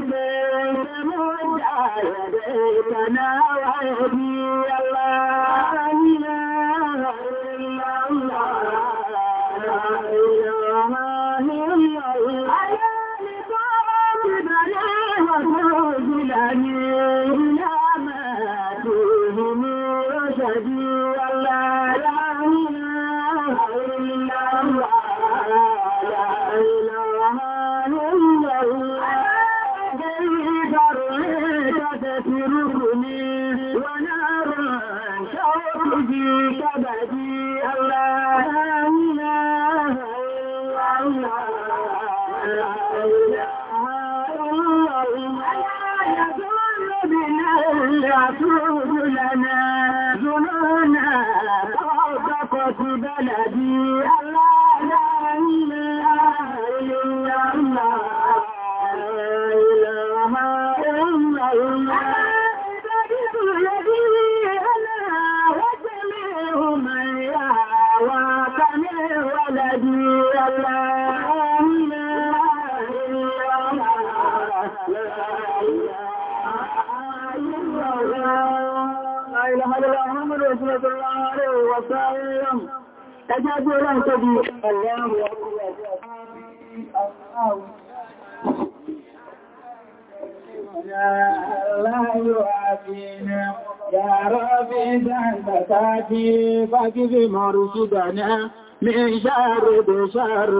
بيت مودع يديتنا ويدي الله لا إله إلا الله لا إله يا ربي ذنبتاتي فاكذي مرشدنا من شر بشر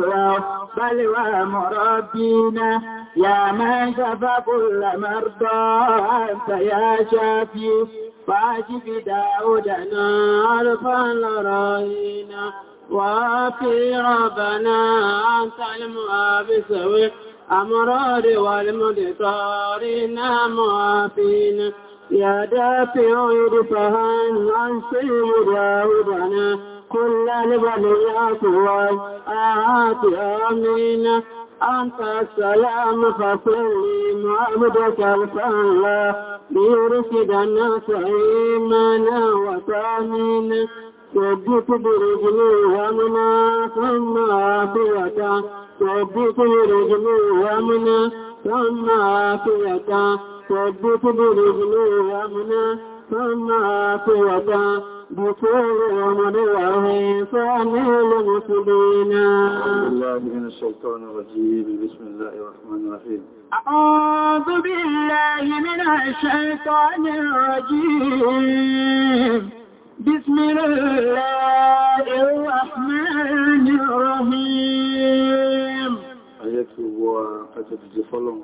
بل ومربينا يا من شفى كل مرضى أنت يا شافي فاشف داودنا عرفا لرأينا وفي ربنا أنت المؤاب سوي أمرار والمدطارين نعم معافين يا دافع رفها أنسي مجاوبنا كل البليات والآت آمين أنت السلام فسلم معبدك الفلا ليرشد الناس إيمانا وتامين Tọ̀bí tó أعوذ بالله من الشيطان الرجيم بسم الله الرحمن الرحيم ayẹ́kì wọ àtẹ̀dìjì fọ́lọ̀n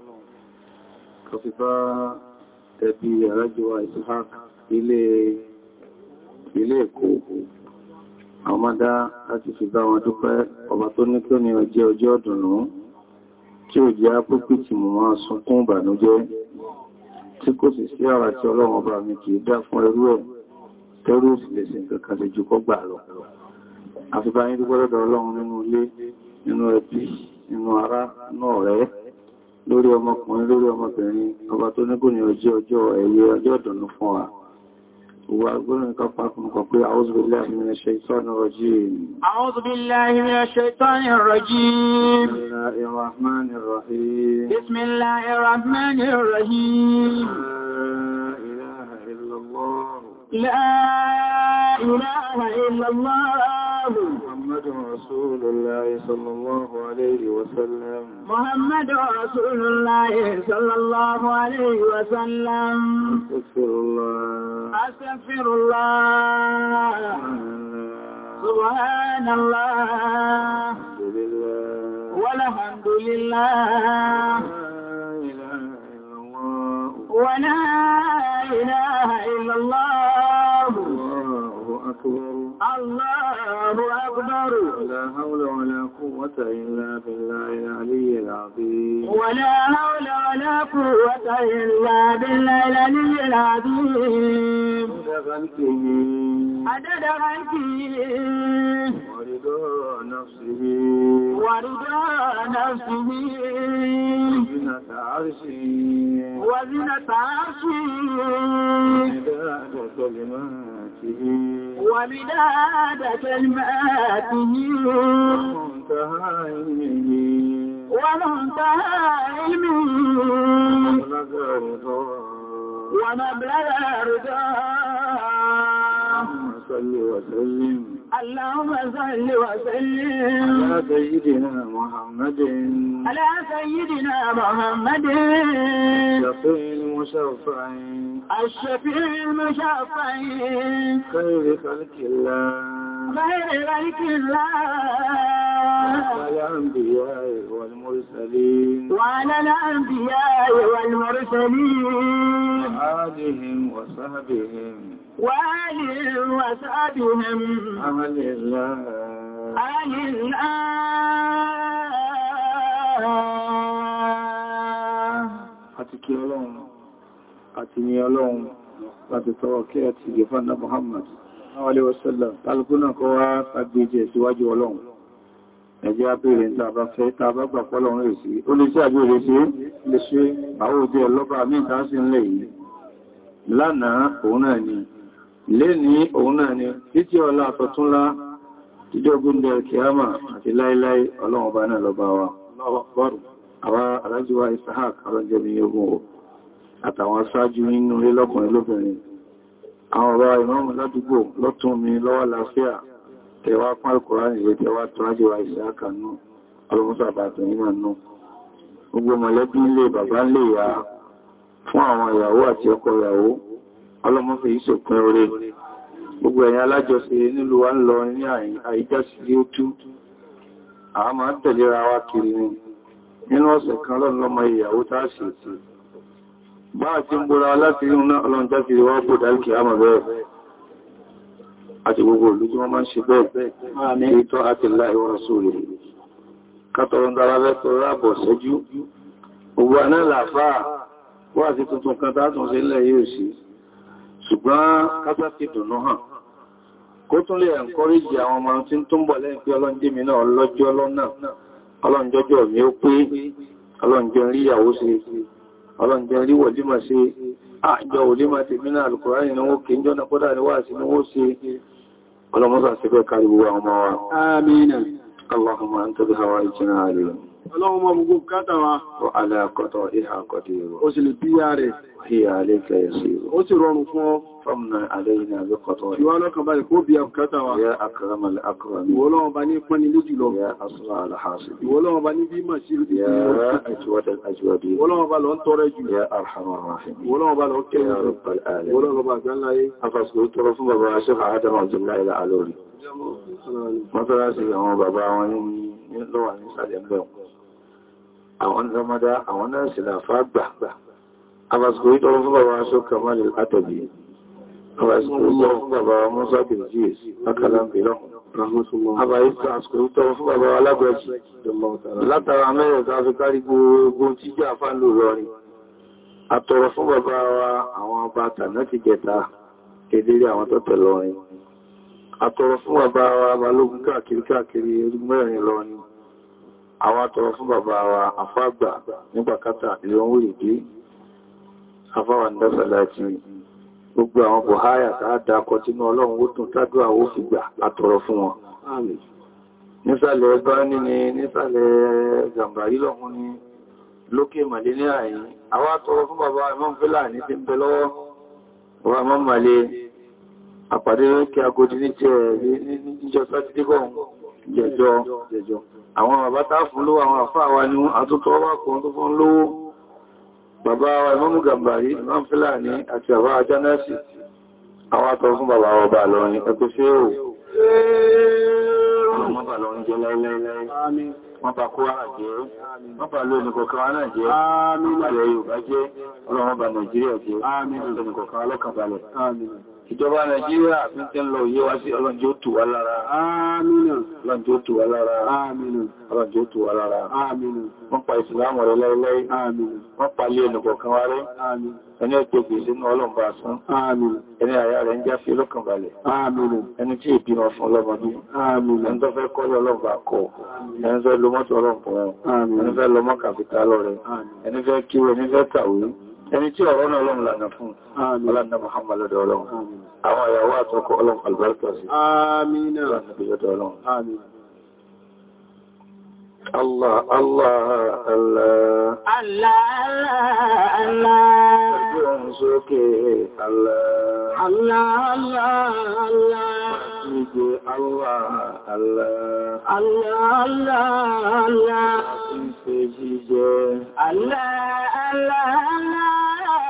kàfífà ẹbí àrájọwà Ishaq ilé ilé ẹ̀kọ́ àmọ́dá láti fi bá wọn dúpẹ́ ọba tó ní kí ní ọjẹ́ ọjọ́ ọ̀dùnnú tí ò jẹ́ púpù tí mo máa sunkún ìbànújẹ́ tí kò sì sí àrà tí ọlọ́run mi kìí dá fún ẹrú ẹ̀ tẹ́rù ìsìlẹ̀sìn kankan sí jù kọ́ gbà lọ àfibá yín dúgbọ́lọ́dọ̀ ọlọ́run nínú ilé nínú ẹbí nínú ará náà rẹ̀ lórí ọmọkùnrin lórí ọmọbìnrin ọba tó nígbò ní ọjọ́ ọjọ́ ẹ̀yẹ ọjọ́ ọ̀dọ̀nù fún wa Wa gbọ́nà ká pàkùn kọ̀ pé a'udhu billahi minash shaitani rajim. A'udhu billahi Bismillahir rahmanir rahim. La ilaha illallah. لا إله إلا الله محمد رسول الله صلى الله عليه وسلم محمد رسول الله صلى الله عليه وسلم أستغفر الله أستغفر الله سبحان الله والحمد لله والحمد لله ولا إله إلا الله الله أكبر الله أكبر لا حول ولا قوة إلا بالله العلي العظيم ولا حول ولا قوة إلا بالله العلي العظيم Adẹ́dà ráìkì Wàrídọ́ náfsìhì. Wàrídọ́ náfsìhì. Wàzínà tààrṣì. Wàzínà tààrṣì. Wàrídọ́ kẹlìmáàtìhì. Wàrídọ́ kẹlìmáàtìhì. Wàmùntàhà ìmìhì. Wàmùntàhà ìmìhì. Wàmùntàhà ìmìhì. Wàmùntàhà ìmìhì. اللهم صل وسلم على سيدنا محمد على سيدنا محمد الشفيع المشفع الشفيع المشفع خير خلق الله خير خلق الله وعلى الأنبياء والمرسلين وعلى الأنبياء والمرسلين وآلهم وصحبهم وآل وسعدهم أهل الله أهل الله àti kí ọlọ́run àti ní ọlọ́run láti tọrọ kí ẹ ti gẹ̀fà náà Muhammad wọ́lé wọ́sẹ́lẹ̀ tàbíkúnnà kọ́ wá sàgbéjẹ̀ síwájú ọlọ́run ẹjẹ́ abẹ́rẹ̀ tàbá fẹ́ tàbá gbàpọ́lọ́run rẹ̀ sí ó lè sí àbẹ́rẹ̀ sí lè ṣe àwọn òjò ọlọ́bà mí lè ní òun náà ni títí ọlá àtọ̀túnlá ìjọgúndẹ̀ kìámà àti láíláí ọlọ́run bá náà lọ́bá wa àwá alájíwá Isahak alọ́jẹ́mi ogun o àtàwọn aṣáájú nínú ilé lọ́kùnrin lóbìnrin àwọn ọba ìmọ́mù ládùúgbò lọ́tún mi lọ́wọ́ láfíà tẹwàá pán Al-Qur'an ìwé tẹwàá tó ájíwá Isahak nú ọlọ́mọ́sàbàtò nígbà nú gbogbo mọ̀lẹ́bí ilé bàbá lè yà fún àwọn ìyàwó àti ọkọ ìyàwó ọlọ́mọ́fẹ́ ìṣòpin orí gbogbo ẹ̀yìn alájọsẹ̀ nílùú wa ń lọ ní àìjásí ó tú a ń tẹ̀lera wa kiri ni nínú ọ̀sẹ̀ kan lọ́nlọ́mọ ìyàwó táàṣì bá àti ń bóra láti rí náà ọlọ́njá kiri wá bò dálkì àmà bẹ́ẹ̀ àti gbogbo ìlú tí wọ́n máa ń ṣe bẹ́ẹ̀ ètò àti láì tuntun kan tátùn sí ilẹ̀ yóò sí ṣùgbọ́n kájá ti dùnú hàn kó tún lè ẹ̀ǹkọ́rìjì àwọn ọmọ tí ń tún bọ̀ lẹ́yìn pé ọlọ́njẹ́ mi náà lọ́jọ́ lọ́nà ọlọ́njọ́jọ́ mi ó pé ọlọ́njẹ́ rí ìyàwó ṣe ọlọ́njẹ́ rí wọ̀límọ̀ ṣe àjọ òlímọ̀ ti mínà alùkùránì ni wọ́n kìí jọ́nà kódà ní Allahumma anta bi hawa'ijina Ọlọ́run mọ gbogbo kátàwà. Wọ́n aláàkọ̀tọ̀ ìhà kọ̀dé rọ̀. Ó sì lè bí yá rẹ̀. Híyà aléka ẹ̀sì rọ̀. Ó sì rọrùn fún ọ. Fọ́mùnà aléyìnà lókọ̀tọ̀. Ìwà lọ́kàn báyìí kó bí akátàwà. Yá akọ̀rọ̀mọ̀ akọ̀rọ̀mọ̀. Ìwọ́lọ́wọ́ bá ní pọ́ni lójú lọ. Yá asọ́lá alhásí. Ìwọ́lọ́wọ́ bá ní bí mà sí rúdí. Yá àjúwádà àjúwádì. Ìwọ́lọ́wọ́ bá lọ ń tọrẹ jù. Yá arhamar rahim. Ìwọ́lọ́wọ́ bá Mọ́tọ́lá sí àwọn bàbá wọn ní lọ́wà ní sàlẹ̀ mẹ́wọ̀n àwọn zamada àwọn náà sì láfá gbà abasikò ìtọrọ fún bàbá aṣọ kamal àtàbí abasikò ìtọrọ fún bàbá musa bilgis akalambilọ abasikò ìtọrọ fún bàbá alágbàjì látara mẹ́rin ta fi kárí gbogbo tí jà fánlò rọrin àtọrọ fún bàbá wa àwọn ọba tànà ti jẹta kedere àwọn tọ́tẹ̀ lọrin àtọrọ fún bàbá wa balógun káàkiri káàkiri mẹ́rin lọrin àwọn atọrọ fún bàbá wa afágbà nígbàkátà ìlọ́wọ́ ìdí afáwà ndásàláàtì gbogbo àwọn buhaya tàádákọ tínú ọlọ́run ó tún tágbà ó fi gbà atọrọ fún wọn nísàlẹ̀ ẹgbá níní nísàlẹ̀ gàmbàrí lọ́hun ní lókè màlé ní àyí àwọn atọrọ fún bàbá imam fílàní tí ń bẹ lọ́wọ́ wà mọ́ màlé àpàdé kí agodi ní jẹ́ àwọn bàbá tá fún lówó àwọn àfá wa ní àtútọ́ wá kan tó fún lówó bàbá wa Ìmámù Gàmbàrí Imam Fúlàní àti bàbá ajánẹ́sì àwọn atọ́ fún bàbá wa bà lọ́rin ẹkùn sí ò wọ́n bà lọ́rin jẹ́ láíláí wọ́n bà kó ara jẹ́ wọ́n bà lónìí kọ̀ọ̀kan wa náà jẹ́ wọ́n bà ìjọba Nàìjíríà ní tí ń lọ yé wá sí ọlọ́njẹ́ òtù wà lára àmìnà ọlọ́njẹ́ òtù wà lára àmìnà ọlọ́njẹ́ òtù wà lára àmìnà wọ́n pa ìsìlámù rẹ̀ lẹ́lẹ́ àmìnà wọ́n pa lé ẹnù kọ̀ọ̀kan wá rẹ̀ àmìnà ẹni ọjọ́ gbèsè ní ọlọ́mbà sán àmìnà ẹni àyà rẹ̀ ń já fi lọ́kàn balẹ̀ àmìnà ẹni tí ìbímọ fún ọlọ́mọdé àmìnà ẹni tó fẹ́ kọ́ lọ́lọ́mbà kọ̀ ẹni fẹ́ lo mọ́tò ọlọ́mbà ẹni fẹ́ lọ mọ́kàfíta lọ rẹ̀ ẹni fẹ́ kí ẹni fẹ́ tàwé ẹni tí ọ̀rọ̀ náà lọ́nà lànà fún ọlọ́nà Muhammadu ọlọ́run àwọn ìyàwó àtọkọ ọlọ́run albarka sí àmín Allah Allah Allah Allah Allah Ẹgbẹ́ sókè Allah Allah Allah Allah Ìgbé Allah Allah Allah Allah Allah Ìfẹ́ jíjẹ Allah Allah Allah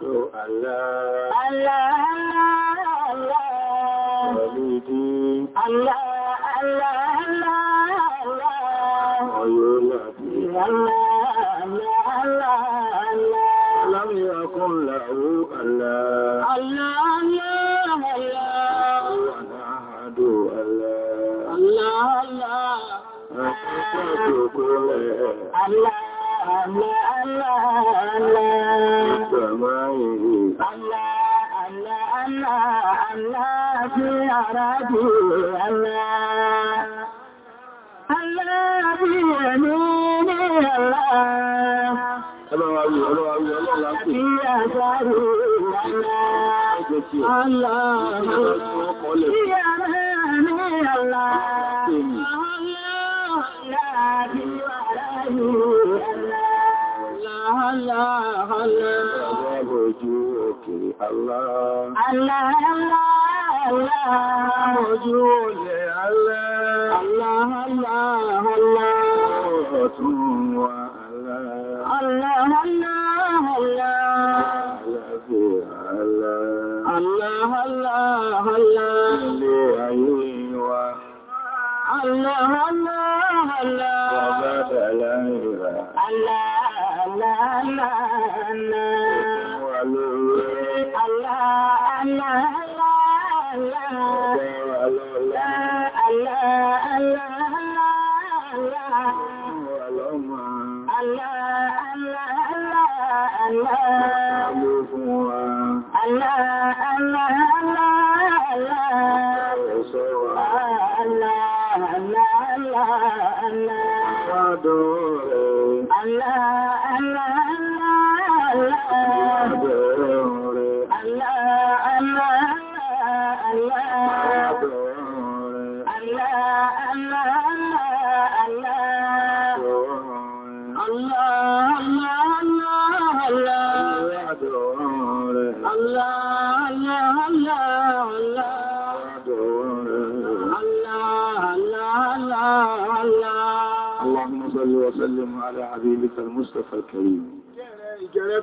Muhammadu Allah. Allah, Allah, Allah. دو 还可以。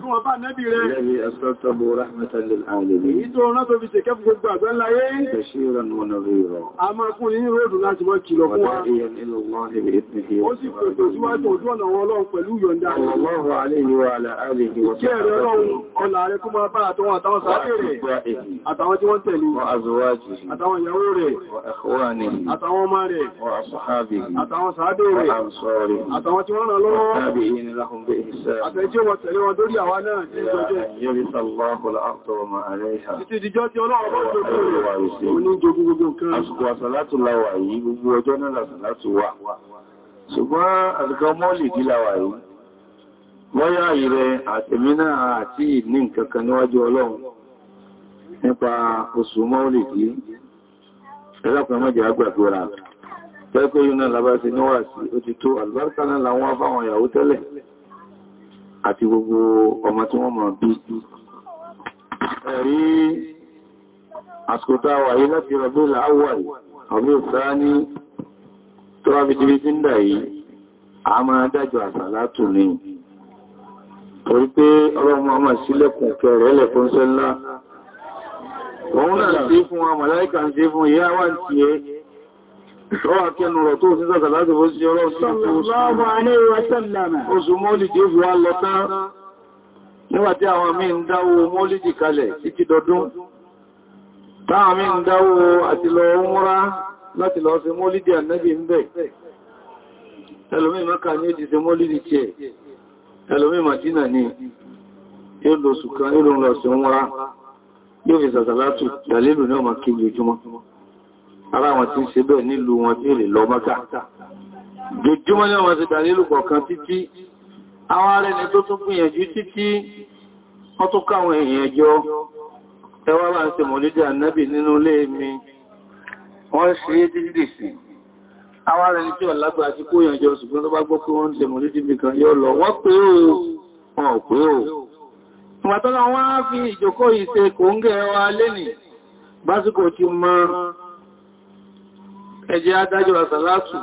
fún ọba nẹ́bí rẹ̀. Lẹ́bí ẹ̀sọ́tọ́bù rahmatan lil alamin. Èyí tó rán tó fi ṣe kẹ́fù gbogbo àgbẹ́ láyé. Bashiran wa nadhira. A máa fún ní ròdù láti wọ́n kìlọ̀ fún wa. Ó lọ́wọ́ àtàwọn sáré wọ́n tẹ̀lé. Wa Àtàwọn ìyàwó wọ́n ràn lọ́wọ́ náà ní ìjọjọ́. Yẹ́rí sàlọ́pọ̀lá àtọ̀rọ̀ ma àrẹ ìhà. Títí ìjọ tí ọlọ́run bọ́ jẹ́ kúrò wà rí sí. Oní jogun gbogbo nǹkan. Àsìkò àsàlátù láwà yìí, gbogbo ọjọ́ náà làsàlátù wà. Ṣùgbọ́n àsìkò mọ́lì dí láwà yìí. Wọ́yá ìrẹ àtẹ̀mí náà àti ní nǹkan kan níwájú ọlọ́run nípa oṣù mọ́lì dí. Ẹlọ́pàá mọ́jẹ̀ àgbàgbọ́ra. Pẹ́kọ́ yóò náà labá sí níwàásí, ó ti tó àlùbáríkà náà afáwọn ìyàwó tẹ́lẹ̀ àti gbogbo ọmọ tí wọ́n mọ̀ bí ẹ̀rí àsìkòtà wà yí láti rọ̀bí láwọ̀lì ọ̀bí òsáà ní tó wá fi jírí tí ń dà yìí a máa dájọ àsàlátù ní torí pé ọlọ́mọ ọmọ sílẹ̀kùn kẹrẹ ẹlẹ́kùn sẹ́lá òun náà sí fún wa màláíkà ń sí fún ìyá wà ń Ṣọ́wà kẹnùrọ̀ tó ti sọ́kà láti bó sí ọlọ́run sí oṣù mọ́lìdì fi wá lọ tán nígbàtí àwọn mí ń dáwó mọ́lìdì kalẹ̀ títí dọdún. Táwọn mí ń dáwó àti lọ múra láti lọ sí mọ́lìdì ànẹ́bì ń bẹ̀. Ẹlòmí mọ́kà ní ìdí sí mọ́lìdì tiẹ̀. Ẹlòmí Màdínà ni yóò lọ lọ ara wọn tí ń ṣe bẹ́ẹ̀ nílùú wọn tí lè lọ mọ́ta jòjúmọ́ ní àwọn ṣẹ̀dà nílùú kọ̀ọ̀kan títí àwọn arẹ́ ni tó tún gbìyànjú títí wọ́n tó káwọn èèyàn jọ ẹwà bá ń ṣe mọ̀lídé ànábì nínú ilé mi wọ́n ṣe é títí sí àwọn ni tí wọ́n lágbà àti kó èèyàn jọ ṣùgbọ́n tó bá gbọ́ pé wọ́n ń ṣe mọ̀lídé mi kan yọ lọ wọ́n ti máa ẹjẹ́ adájọ́ àsàlátù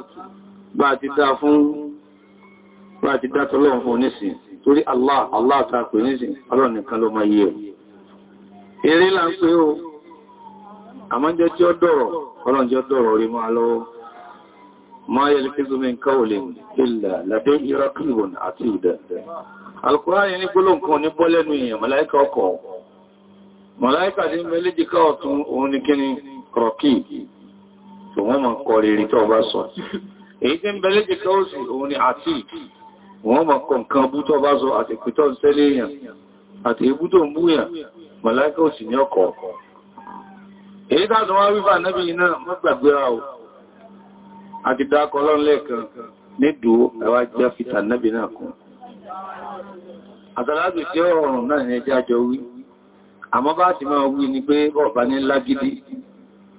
bá ti dá fún bá fún nísìn torí Allah Allah ta pè nísìn ọlọ́run nìkan ló máa yé o eré là ń pé o àmọ́jẹ́ tí ó dọ̀rọ̀ ọlọ́run jẹ́ dọ̀rọ̀ rí máa lọ́wọ́ ma yẹ lè kézo mi nǹkan olè ilẹ̀ lẹ́dẹ́ irakilbon àti ìdẹ̀ alkùnrin ní gbólóhùn kan tó wọ́n mọ̀ kọ rere tó bá sọ èyí tí ń bẹ léjì káwọ́sì òun ni àti wọ́n mọ̀ kọ nǹkan bú tó bá sọ àti pítọ́ sẹ́lẹ̀ èèyàn àti ebú tó ń bú èèyàn mọ̀láíkà òsì ní ọkọ̀ èyí tàbí wọ́n o àti dákọ̀ lọ́nlẹ́ẹ̀kan nídùú ẹwà jẹ́ fìtà náàbí náà kún àtàlágbè tí ọ̀rùn náà ní ẹjá jọ wí àmọ́ bá ti máa wí ni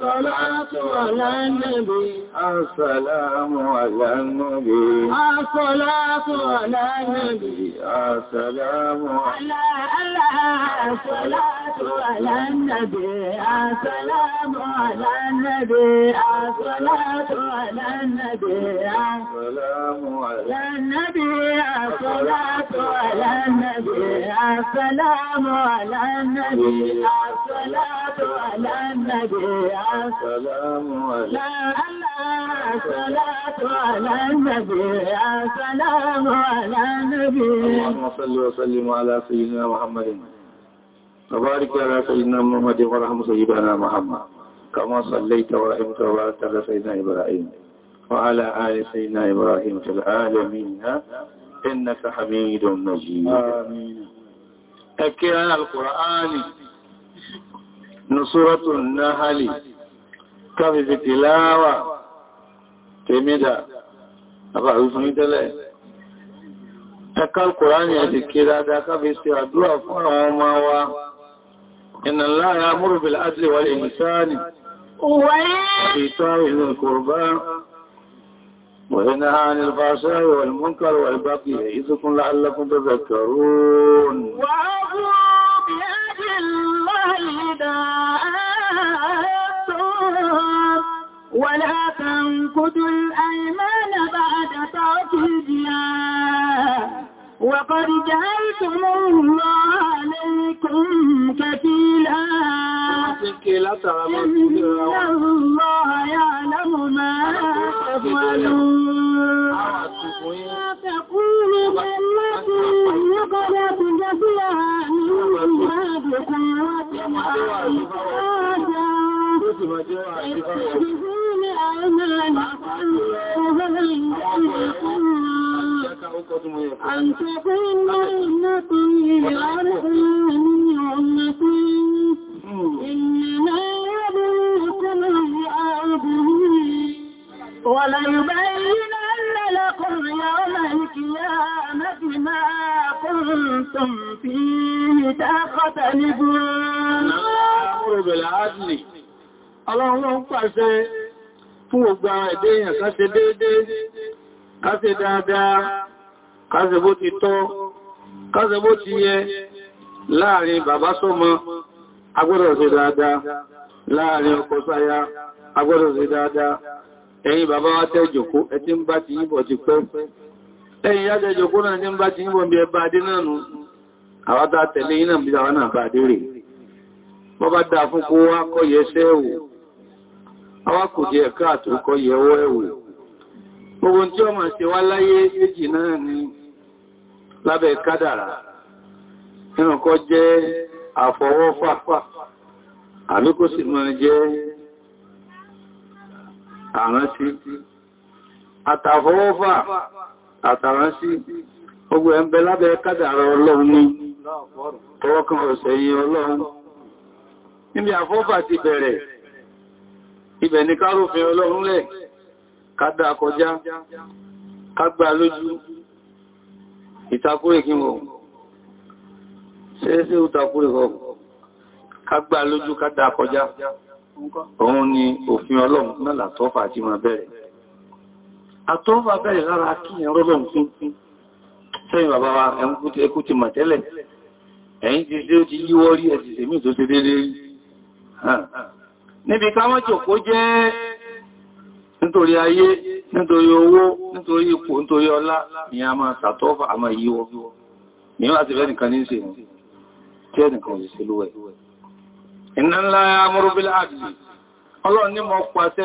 السلام على النبي السلام على النبي السلام على النبي السلام على النبي السلام على النبي السلام على النبي السلام على النبي السلام على النبي سلام على صلاة النبي يا سلام اللهم صل وسلم على سيدنا محمد وبارك على سيدنا محمد ورحم سيدنا محمد كما صليت ورحمت وبارك على سيدنا إبراهيم وعلى آل سيدنا إبراهيم في العالمين إنك حميد مجيد آمين أكيان القرآن نصرة النهل káfí fi ti láwà tèmídà àbá ìfún ìtẹ́lẹ̀ ẹ̀kà kòránì àti kí dáadáa káfí sí àdúrà fún àwọn ọmọ wa inna Allaha ya'muru bil adli wal ihsani وإيتاء ذي القربى وينهى عن الفحشاء والمنكر والبغي يعظكم لعلكم تذكرون وأوفوا بعهد الله إذا الأرهاب ولا تنقضوا الأيمان بعد توكيدها وقد جعلتم الله عليكم كفيلا إن الله يعلم ما تفعلون تقول من يقرب جفلها من باب قوة يسبحون أمان وهل يقول أن تقول إنكم بعرض أمتي إنما يبلغكم عبده وليبينن لكم يوم القيامة ما كنتم فيه تختلفون الأمر بالعدل Ọlọ́run pàṣẹ fún ògbà ẹ̀dẹ́ èèyàn ká ṣe déédéé, ká ṣe dáadáa, ká ṣe bó ti tọ́, ká ṣe bó ti yẹ láàrin bàbá sọ́mọ, agbọ́dọ̀ ṣe dáadáa, láàrin ọkọ sáya, agbọ́dọ̀ ṣe dáadáa. Ẹ̀yin bàbá wa tẹ́ jòkó, ẹ ti ń bá ti yíbọ̀ ti pẹ́. Ẹ̀yin yá tẹ́ náà ti ń bá ti yíbọ̀ bí ẹ adé náà nù. àwọn kò jẹ ẹ̀ká àtòkọ́ yẹwọ́ Ogun tí ọmọ ṣe wá láyé méjì náà ni lábẹ́ kádàrà ẹnùkọ́ jẹ́ àfọwọ́fà àbí kó sì máa jẹ́ àránsí àtàfọwọ́fà àtàránsí gbogbo ẹ̀mẹ́ lábẹ́ kádàrà ọlọ́run ní tọwọ́kan ọ̀sẹ̀ yìí ọlọ́run níbi ti bẹ̀rẹ̀ ibẹ̀ ni kárùfin ọlọ́run lẹ̀ kádà kọjá kágbà lójú ìtakúrè kí wọ́n ṣeéṣe ìtakúrè wọ́n kágbà lójú kádà kọjá òun ni òfin ọlọ́run náà látọ́fà àti ma bẹ̀rẹ̀ àtọ́fà bẹ̀rẹ̀ lára kí ẹ̀rọ́lọ́run fún sẹ́yìn bàbá wa ẹkú níbi ká má jòkó jẹ́ nítorí ayé nítorí owó nítorí ipò nítorí ọlá ni a máa sàtọ́fà a máa yíwọ́ ní wá ti ní ṣe tí ẹnìkan ò sí lúwẹ̀ iná ńlá amúrúbílá àdìsí mọ̀ pàṣẹ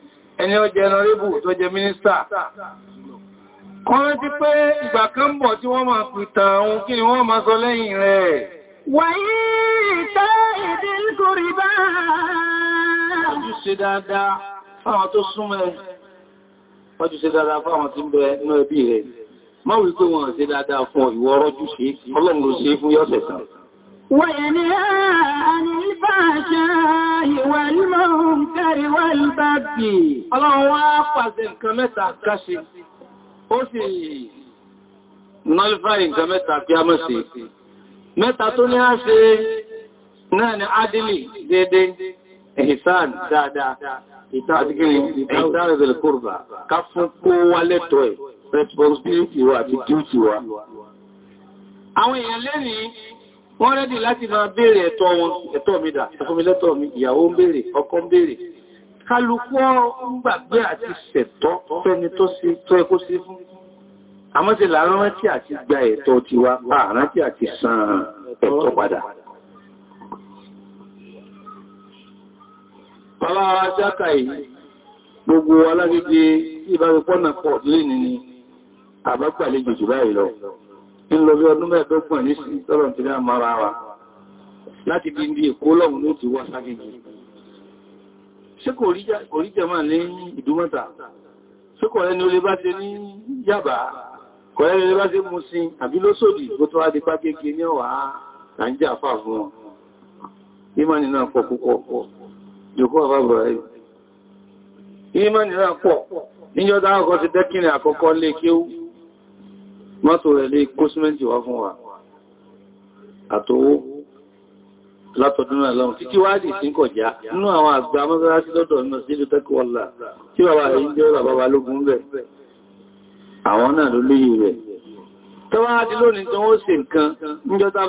ẹni ó jẹ́ ẹnàrébù tó jẹ́ mínísítà kan ti pé ìgbà kan bọ̀ tí wọ́n máa pìtà ohun kí ni wọ́n máa sọ lẹ́yìn rẹ̀ wáyé ìta ìdínkùrí bá ojúṣe dáadáa fáwọn tó súnmọ́ ẹ ojúṣe dáadáa fáwọn tí ń bẹ inú ẹbí rẹ̀ máa wípé wọn ṣe dáadáa fún ìwọ ọrọ́jú ṣe ọlọ́run ló ṣe fún yọ́sẹ̀ kan وينهى عن الفحشاء والمنكر والبغي ọlọ́run wá pàṣẹ nǹkan mẹ́ta káṣe ó sì nọ́lífàì nǹkan mẹ́ta kí a mọ́ sí mẹ́ta tó ní á ṣe náà ni adìlì dédé ẹ̀hìsàn dáadáa ìta responsibility àti duty wa àwọn èèyàn lẹ́nìí wọ́n rẹ́dì láti máa béèrè ẹ̀tọ́ wọn ẹ̀tọ́ mi dà ẹ̀fọ́milẹ́tọ̀ mi ìyàwó ń béèrè ọkọ ń béèrè kálukú ń gbàgbé àti ṣẹ̀tọ́ fẹ́ni tó sí tó ẹkó sí fún àmọ́sí làrántí àti gba ẹ̀tọ́ ti wá àrántí àti san ẹ̀tọ́ padà bàbá jákà jù báyìí lọ ń lọ bí ọdún mẹ́ẹ̀ẹ́dọ́gbọ̀n ní sí tọ́lọ̀ tí ní àmàrà wa láti bí ibi èkó lọ́hùn ló ti wá ságẹ́gì ṣé kò rí jẹmà ní ìdúmọ́ta ṣé kò ẹni olè bá ṣe ní yàbá kò ẹni olè bá ṣe mú sí àbí lóṣòdì tó tó wá di pàkéèké ní ọ̀wà àǹjà fà fún wọn ìmánì náà pọ̀ púpọ̀ jòkó àbábọ̀ rẹ̀ ti dẹ́kìnrin àkọ́kọ́ lé kéwú mọ́tò rẹ̀ lé kóṣímẹ́ntì wá fún wa àtòwó látọ̀dún náà lọ́wọ́ títí wáàdì sí kọ̀ já nínú àwọn àgbà mọ́sálásí lọ́dọ̀ náà sí ìlú tẹ́kọ̀ọ́lá tí bàbá rẹ̀ ń jẹ́ bàbá balógun rẹ̀ àwọn náà ló léyìí rẹ̀ tọ́wọ́ àti lónìí tí wọ́n ṣe nǹkan níjọta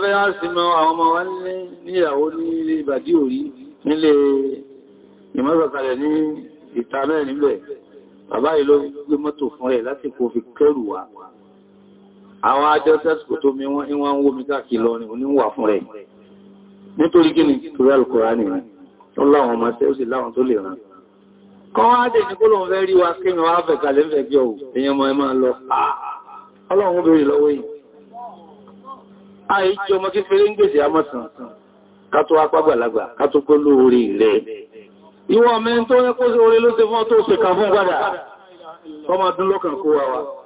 ìmọ́sọ̀kalẹ̀ ní ìta mẹ́rin níbẹ̀ bàbá yìí gbé mọ́tò fún rẹ̀ láti kò fi kẹrù wà àwọn ajọ́ sẹ́sìkò tó mi wọ́n ìwọ̀n wó mi káàkì lọ ní oníwà fún rẹ̀ nítorí gíní torí Al-Kùránì rẹ̀ ó láwọn ọmọ tẹ́ ó sì láwọn tó lè ràn kan wá dẹ̀ ní kólóhun fẹ́ rí wa kémi wá fẹ̀ kalẹ̀ fẹ́ gbé ọ̀wọ̀ èèyàn mọ́ ẹ máa lọ ọlọ́run ó lọ́wọ́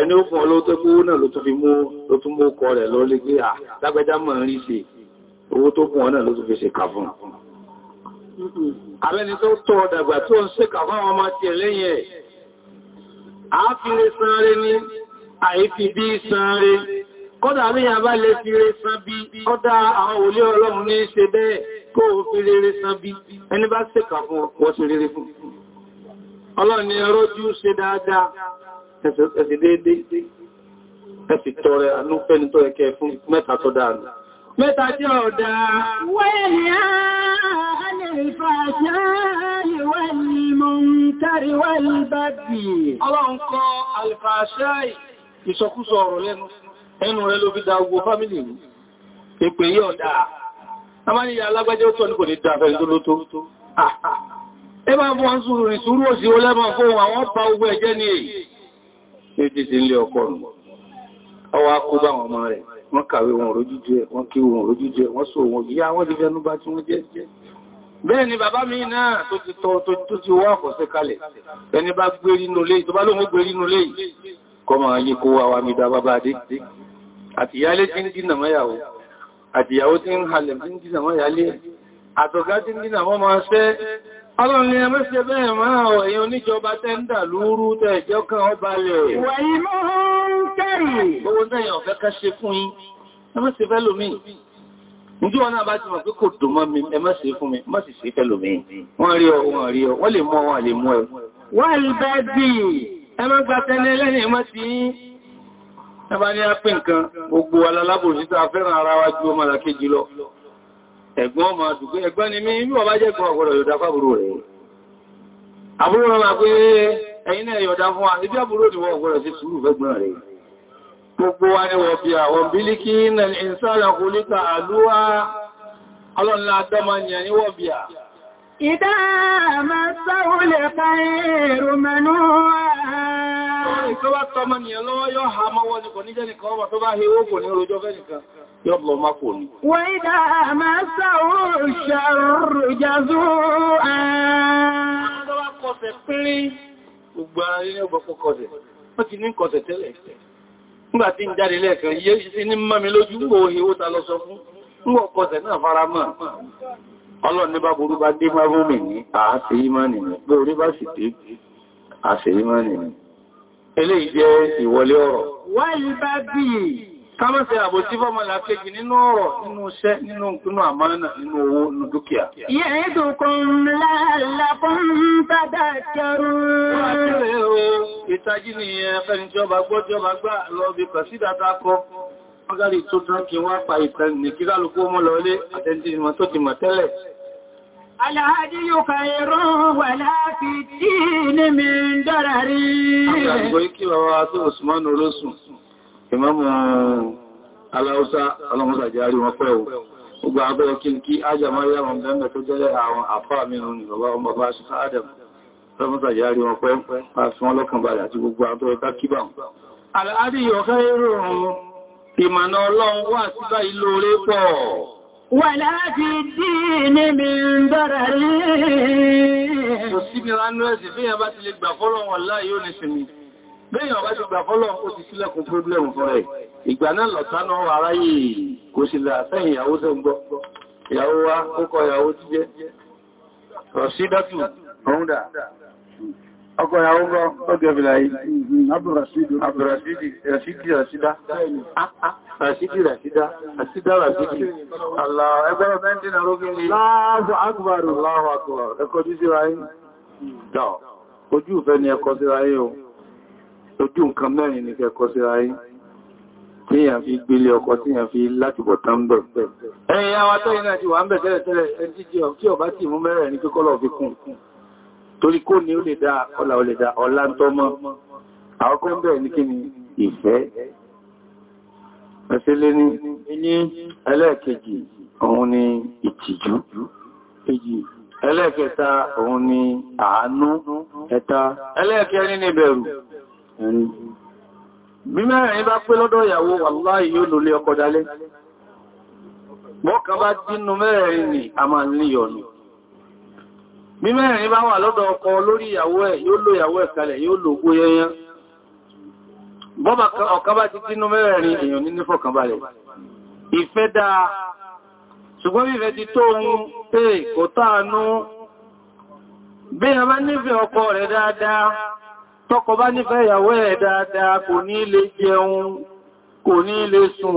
ẹni ó fún ọlọ́wọ́ tó kó owó náà ló tún fi mú ló tún mú kọ rẹ̀ lọ lé pé à lágbẹ́já mọ̀ ń rí ṣe owó tó fún ọ náà ló tún fi ṣe kà fún abẹ́ni tó tọ́ ọ̀dàgbà tó ń ṣe kà fún ọmọ ti ẹ̀lẹ́yìn ẹ̀ àáfilé bí sanre kọ́dà lè fi rẹ̀ san bí kọ́dà àwọn òlé ọlọ́run ní ṣe bẹ́ẹ̀ kó o fi rere san bí ẹni bá ṣèkà fún ọ ṣe rere fún ọlọ́run ni ọrọ́jú ṣe dáadáa ẹ̀sì déédé ẹ̀sì tọrẹ anúfẹ́ni tó ẹkẹ fún mẹ́ta tó dáa nù mẹ́ta jẹ́ ọ̀dá wẹ́lì ààrẹ ìfàṣà ìwẹ́lì mọ̀ntàrí wẹ́lì bàbí ọlọ́run kọ alfàṣà ìṣọkúsọ ọ̀rọ̀ lẹ́nu ẹnu ló fi da ogbò fámílì mú èpè yí ọ̀dá ẹ máa fún wọn sùúrù ìsúrú òsì ó fún àwọn ọpa ogbò ẹ̀jẹ́ ni èyí ní títí ilé ọkọ nù ọwọ́ akó bá wọn ọmọ rẹ̀ wọ́n kàwé wọn rójújú ẹ̀ wọ́n kí wọn rójújú ẹ̀ wọ́n sọ wọn yí àwọn ìdíjẹ́ ní bá tí wọ́n jẹ́ bẹ́ẹ̀ ni bàbá mi náà tó ti tọ́ tó ti wá ọ̀fọ̀sẹ́ kalẹ̀ ẹni bá gbé rínú lé tó bá lóun gbé rínú lé kọmọ ayé kó wá wá mi dá bàbá Ọlọ́run ni a mẹ́ ṣe bẹ́ẹ̀ máa ọ̀ èyàn oníjọba tẹ́ndà lóòrú tẹ́ẹ̀jọ́ kan ọba lẹ̀. Ìwà imọ́ ń kẹ́rì. Owó tẹ́yàn ọ̀fẹ́ ká ṣe fún yín. A mẹ́ ṣe fẹ́ lómi. Ìjú wọn náà bá ti mọ̀ pé kò dùn mọ́ mi, ẹ má ṣe fún mi, má sì ṣe fẹ́ lómi. Wọ́n rí ọ, wọ́n rí ọ, wọ́n lè mú ọ, lè mú ẹ. Wọ́n rí dì, ẹ mọ́ ẹ̀gbọ́n ma dùgbé ẹ̀gbọ́n ni mí bí wọ́n bá jẹ́ kan ọ̀gbọ̀rọ̀ yọ̀dá fábúrò rẹ̀ àbúrò ma pé ẹ̀yin náà yọ̀dá fún wa ibi àbúrò ni wọ́n ọ̀gbọ̀rọ̀ sí sùúrù fẹ́gbọ́n rẹ̀ gbogbo wa ni wọ́n bí àwọn ìsára kò líka إذا مسه الخير منوعا Ìkọ́ bá tọmọ nìyàn lọ́wọ́ yóò ha mọ́wọ́ ní kò ní jẹ́ nìkan ọmọ Nígbà tí ń jáde lẹ́ẹ̀kan, yé sí ní mọ́ mi lójú, ó he ta lọ sọ fún. Ń ọlọ́run ní bá burú bá dé máa bú mi ní àáṣe ìmáni rẹ̀ bí orí bá sì dé àṣe ìmáni rẹ̀ eléyìí jẹ́ ìwọlé ọ̀rọ̀ wáyé bá bí kámọ́sẹ̀ àbòsí fọ́mọ̀lá kejì nínú ọ̀rọ̀ nínú iṣẹ́ nínú àmánà nínú owó dúkìá ìtají ni ẹfẹ́ni jọba gbọ́jọba gbà lọ bí kọ̀ sí dátakọ́ mọ́gárí tó dán kí wọ́n pa ìtàn ní kí kálùkú mọ́ lọlé àtẹ́ntí ìmọ̀ tó ti mọ̀ tẹ́lẹ̀. Aláàdí yóò ka ẹ̀rọ wà láti tí ní mi ń dára rí. Àgbàgbò ikí wọn pẹ́ o. Gbogbo abẹ́ ọkí kí ájàmáyà wọn bẹ́ẹ̀ tó jẹ́lẹ̀ àwọn àfáà mìíràn ni Adam. Lọ́mọ́sà járí wọn pẹ́ pẹ́ pàṣẹ wọn lọ́kàn balẹ̀ àti gbogbo abẹ́ ọkà kíbà. Àlàádìí ọ̀kẹ́ ìrò ìmànà ọlọ́run wà síbá ìlò orí pọ̀. Wà láti dí ní mi ń dára rí. Kò sí mi ránú ẹ̀sì fíyàn bá ti lè gbà fọ́lọ̀ wọn láàáyí Béèyàn bá ti gbà fọ́lọ̀ ó ti sílẹ̀kùn pírọ́blẹ̀mù fún rẹ̀. Ìgbà náà lọ̀tánà aráyè kò sì làtẹ́yìn ọkọ ìyàwó gbọ́ ọgbẹ̀ ìbìlà yìí abúrasídì rasídì rasídá rasídì rasídá rasídá rasídì ẹgbẹ́ ọ̀bẹ́ ń dínà rógún ní láàájú ni ẹkọ́ síra yìí o ojú nǹkan mẹ́rin ni ẹkọ́ síra yìí tíyàn fi gbélé ọkọ̀ tíyàn fi láti bọ̀ tán bẹ̀. ẹ̀yìn àwọn atọ́yìn náà ti wà ń bẹ̀ tẹ́lẹ̀ tẹ́lẹ̀ ẹni tí ọba tí mú mẹ́rẹ̀ ní kíkọ́lọ̀ fi kún torí kó ní ó lè dá ọlá ó lè dá ọlá ń tọ́mọ́ àkọ́kọ́ ń bẹ̀rẹ̀ ní kí ni ìfẹ́ ẹ̀sẹ̀lẹ́ ní ẹlẹ́ẹ̀kejì òun ni ìtìjú ẹlẹ́ẹ̀kẹta òun ni àánú ẹta ẹlẹ́ẹ̀kẹrin ni bẹ̀rù bí mẹ́rin bá pé lọ́dọ̀ ìyàwó wàláhì yóò lólé ọkọ dalẹ́ mọ́kàn bá dínú mẹ́rin ni a máa níyọ̀nù bí mẹ́rin bá wà lọ́dọ̀ ọkọ lórí ìyàwó ẹ̀ yóò lò ìyàwó ẹ̀ kalẹ̀ yóò lò gbó yẹnyán bọ́bà ọ̀ká bá ti tínú mẹ́rin èèyàn ní nífọ̀kànbalẹ̀ ìfẹ́ dáa ṣùgbọ́n bí ìfẹ́ ti tó ohun pé kò táànú bí a bá nífẹ̀ẹ́ ọkọ rẹ̀ dáadáa tọkọ bá nífẹ̀ẹ́ ìyàwó ẹ̀ dáadáa kò ní lè jẹun kò ní lè sùn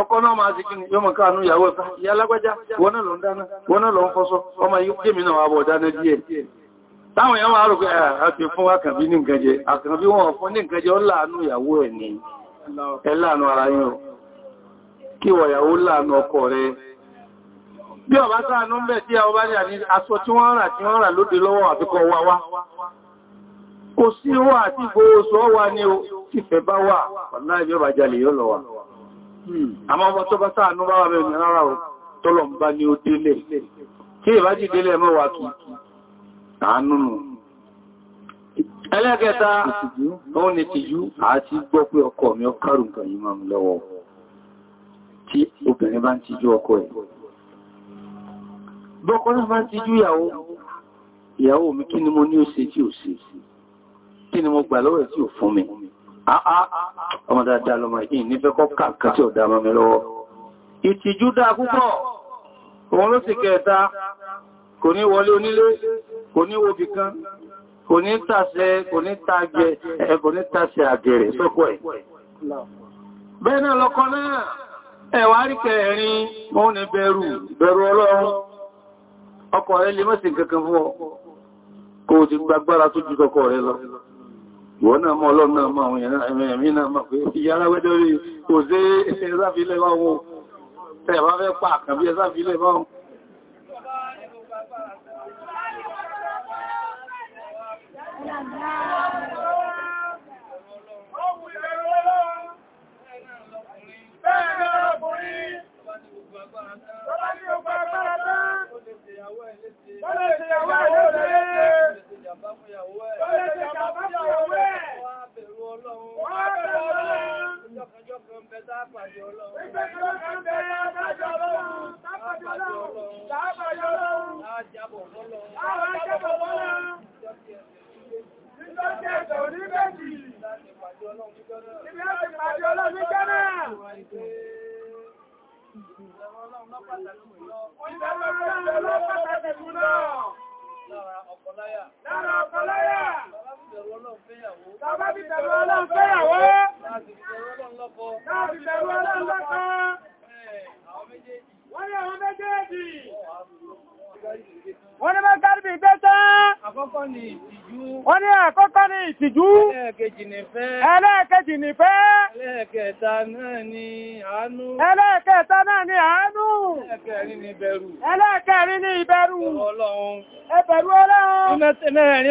ọkọ náà máa jíkí yóò mọ̀ káànú ìyàwó ẹ̀fà ìyà alágbájá wọ́n náà lọ ń fọ́sọ́ ọmọ yóò kémi náà wà bọ̀ dáná díẹ̀ táwọn rò pé àti fún ní wọn fún ní ó láàánú ìyàwó ẹ̀ ní ọkọ rẹ bí ọba sáànú mẹ́ tí ọba ní aṣọ tí wọ́n rà tí wọ́n rà lóde lọ́wọ́ wá kò sí àti ní bá ọba lọ àmọ́ ọmọ tó bá sáànú bá wà mẹ́rin rárá o tọ́lọ̀ ń bá ní ó délé kí ìbájì délé mọ́ wà kí àánúnù ẹlẹ́gẹta òun ni tìjú àti gbọ́ pé ọkọ mi ó kárù nǹkan yìí máa mú mi ni mo ní ó ṣe tí ò ṣe kí lọ́wọ́ ọmọ dáadáa lọmọ ìdí nífẹ́ kọ́ kàkà tí ọ̀dá dámà mi lọ́wọ́. ìtìjú dáa púpọ̀ òun ló sì kẹta kò ní wọlé onílé kò ní wo kò ní tàṣẹ kò ní tàjẹ ẹ̀ kò ní tàṣẹ àgẹ̀rẹ̀ sọ́kọ̀ ẹ̀ bẹ́ẹ̀ náà náà ẹ̀wà rí kẹrin bẹ̀rù bẹ̀rù ọlọ́run rẹ̀ lè ìwọ́n náà mọ́ ọlọ́run náà mọ́ àwọn ẹ̀mí náà mọ́ pé ìyá aláwẹ́dẹ́ rí kò sí ẹzáfilẹ̀ wọ́wọ́ tẹ̀wà fẹ́ pa àkàbí ẹzáfilẹ̀ wọ́wọ́ Bọ́lá ìṣẹ̀yàwó ẹ̀lẹ́sẹ̀ ìyàwó ẹ̀. Ó lè ṣe jàmbá fún ìyàwó ẹ̀. Wọ́n á bẹ̀rù Ọlọ́run. Wọ́n á bẹ̀rù Ọlọ́run. Ìjọkànjọ́ kan bẹ sáàpàdé Ọlọ́run. Ìjọkànjọ́ kan bẹ sáàpàdé Ọlọ́run. Sáàpàdé Ọlọ́run. Sáàpàdé Ọlọ́run. Á jábọ̀ fọ́lọ́run. Á jábọ̀ fọ́lọ́run. Ìjọkẹ́ ẹ̀sẹ̀ òní méjì. Ìjọkẹ́ ẹ̀sẹ̀ òní méjì.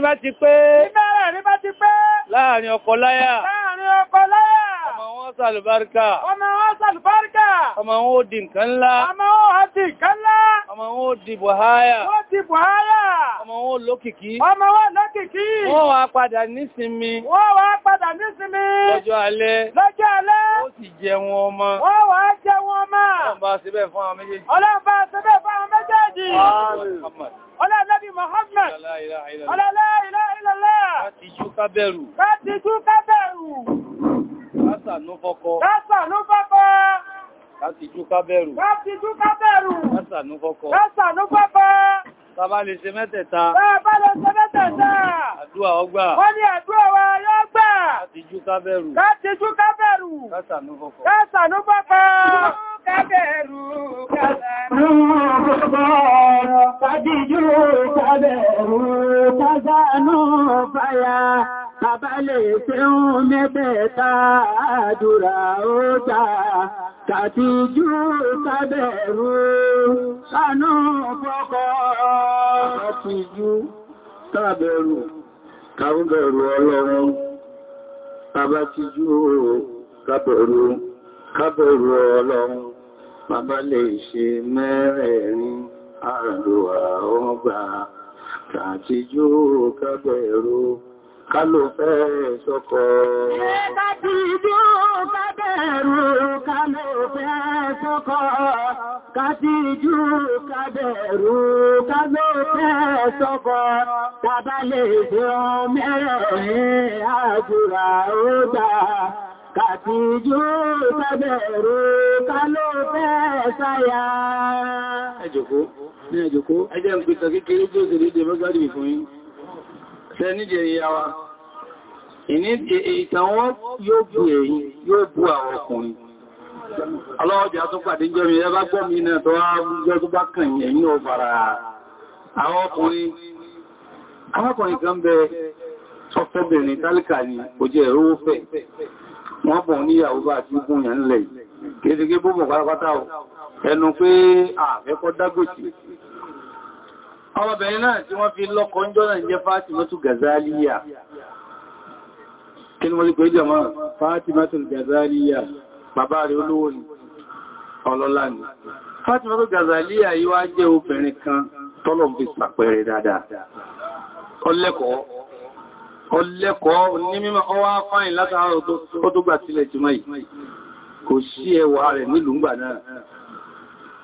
bá ti pé ìbẹ̀rẹ̀ rí bá ti pé láàrin ọkọ láyà láàrin ọkọ láyà ọmọ wọn sàlùbáríkà ọmọ wọn sàlùbáríkà ọmọ wọn ó di nǹkan ńlá ọmọ wọn ó di nǹkan ńlá ọmọ wọn ó di bùháyà ó di bùháyà ọmọ wọn lókìkí wọ́n wá padà nísinmi lọ́jọ́ alẹ́ ó sì jẹun ọmọ wọ́n wá jẹun ọmọ ọlọ́run bá síbẹ̀ fún àwọn méjèèjì ọlọ́run síbẹ̀ fún àwọn méjèèjì ọlọ́run ká bẹ̀rù. Ká tijú ká bẹ̀rù. Ká ṣàánú fọ́kọ. Ká ṣàánú fọ́kọ. Ká tijú ká bẹ̀rù. Ká tijú ká bẹ̀rù. Ká ṣàánú Bàbá lè ṣe mẹ́tẹ̀ta. Bàbá lè ṣe mẹ́tẹ̀ta. Àdúà ọgbà. Wọ́n ní àdúà wa yóò gbà. Kátìjú kábẹ̀rù. Kátìjú kábẹ̀rù. Kásànú fọ́fọ́. Kásànú fọ́fọ́. Kábẹ̀rù. Kásànú fọ́fọ́. Kátìjú kábẹ̀rù. Kásànú fọ́fọ́. Abálẹ̀ tí ó mẹ́bẹ̀ẹ́ta àdúrà ó dá, kàtíjú sábẹ̀rú, sánú fọ́kọ́ kàtíjú sábẹ̀rú, kàúbẹ̀rú ọlọ́run, abátijú kábẹ̀rú, kábẹ̀rú ọlọ́run, bàbá lè ṣe mẹ́rẹ̀ẹ̀rin àdúrà ó gbà, kàtíjú kábẹ̀rú ká ló fẹ́ sọ́kọ. Ẹ̀ka ti jó ká bẹ̀rù ká ló fẹ́ sọ́kọ. Ká ti jó ká bẹ̀rù ká ló fẹ́ sọ́kọ. Bàbá lè fi ọmọ ẹ̀rẹ̀ àjùrà ó dá. Kàtìjú tẹ́bẹ̀rù ká ló fẹ́ sáyà. Ẹ jókòó, ní ẹ jókòó, ń pìtà kékeré tí ó sì rí dé fún yín ṣe níjẹ̀ ìyàwó ìní ìtàn wọn yóò bú èyí yóò bú àwọn ọkùnrin ọlọ́ọ̀dì àtúpàdé jẹ́ mi ẹbá gbọ́ mi náà tó wá jẹ́ tó bá kàn yẹ̀yìn náà fara àwọn ọkùnrin arákùnrin kan bẹ sọfẹ́bìnrin tálíkà ní kò jẹ́ ẹ̀rọ fẹ́ wọ́n bọ̀ níyàwó bá ti gún yẹn lẹ̀ kéèkéé bóbọ̀ pátápátá ẹnu pé àfẹ́kọ́ dágbòtì ọmọbìnrin náà tí wọ́n fi lọ́kọ ń jọ́nà jẹ́ Fátímọ́tù Gazaliya kí ni wọ́n lè pẹ̀lú ọmọ Fátímọ́tù Gazaliya bàbá rẹ̀ olówó ni ọlọ́lá ni Fátímọ́tù Gazaliya yìí wá jẹ́ obìnrin kan tọ́lọ̀ fi sàpẹrẹ dáadáa ọlẹ́kọ̀ọ́ ọlẹ́kọ̀ọ́ ní mímọ̀ ọwá fáìn látàárọ̀ tó gbà sílẹ̀ jùmọ̀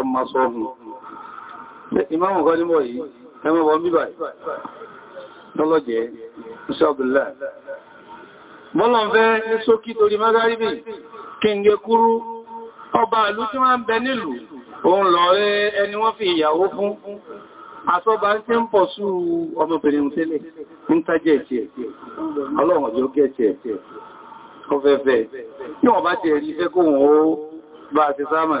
ọmọ sọ́ọ̀bù ìmáàmù kan nímọ̀ yìí ẹmọ́ wọn bíbà lọ́lọ́jẹ́ ìṣàbùlá bọ́lọ̀n fẹ́ ní sókí torí magaribi kẹngẹ kúrú ọba ìlú tí wọ́n ń bẹ nílùú òun lọ rẹ ẹni wọ́n fi ìyàwó fún àtọ́bà ń tí ń pọ̀ sú ọmọbìnrin tẹ́lẹ̀ ń tajẹ́ ẹ̀tì ẹ̀tì ọlọ́run ọjọ́ gẹ́ẹ̀tì ẹ̀tì ọfẹ́fẹ́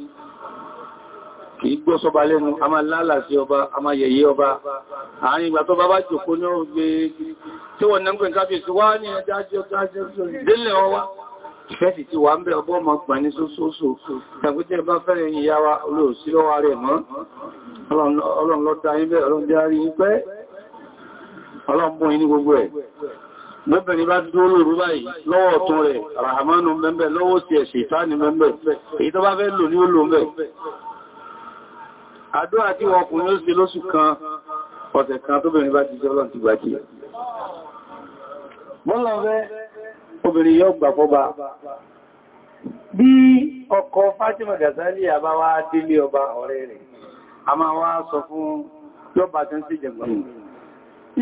kìí gbọ́ sọba lẹ́nu a máa lálà sí ọba a máa yẹ̀yẹ́ ọba àárín ìgbà tó bá bá jòkó ní ọ̀rọ̀ gbé tí wọ́n náà ń pè ní kábíyèsí wá ní ẹjá jẹ́ délẹ̀ ọwá ìfẹ́sì ti wà ń bẹ ọgbọ́ ọmọ pẹ̀ ní sósòsò tàbí tí ẹ bá fẹ́ ẹ̀yìn ìyá wa olóòsí lọ́wọ́ rẹ̀ mọ́ ọlọ́run lọ́ta yín bẹ́ ọlọ́run jẹ́ rí pẹ́ ọlọ́run bọ́ yín ní gbogbo ẹ̀ mọ́bìnrin bá dúró lóru báyìí lọ́wọ́ ọ̀tún rẹ̀ rahamanu mẹ́mbẹ̀ lọ́wọ́ ti ẹ̀ṣẹ̀ ìfáàní mẹ́mbẹ̀ èyí tó bá fẹ́ lò ní ó mẹ́ àdúrà tí wọ́n ọkùnrin ó ṣe lóṣù kan ọ̀sẹ̀ kan tó bẹ̀rẹ̀ bá ti jẹ́ ọlọ́n ti gbà kí mọ́lọ́fẹ́ obìnrin yóò gbà fọ́ba bí ọkọ Fátímà Gàzálì àbáwá délé ọba ọ̀rẹ́ rẹ̀ a máa wá sọ fún yọba tó ń sí jẹ̀gbọ́n tí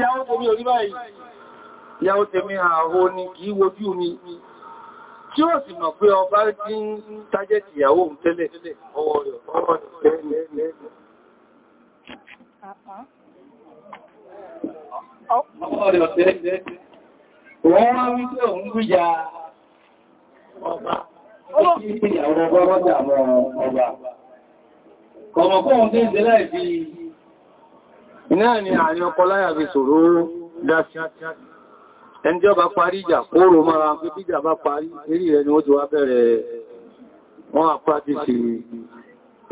ó sì mọ̀ pé ọba tí ń tájẹ́ ìyàwó tẹ́lẹ̀ ọwọ́ rẹ̀ ọwọ́ rẹ̀ Wọ́n wá wípé òun gújà ọba. Ìyàwó ọba rọ́jà mọ́ ọba. Kọ̀mọ̀kọ́ òun tí ń ṣe láì fi náà ni àárín ọkọ láyà fi ṣòro dáṣí. Ẹni ọba parí ìjà kóòrò máa pé bíjà bá parí, eré rẹ̀ ni ó ti wá bẹ̀rẹ̀ wọ́n apá ti ṣe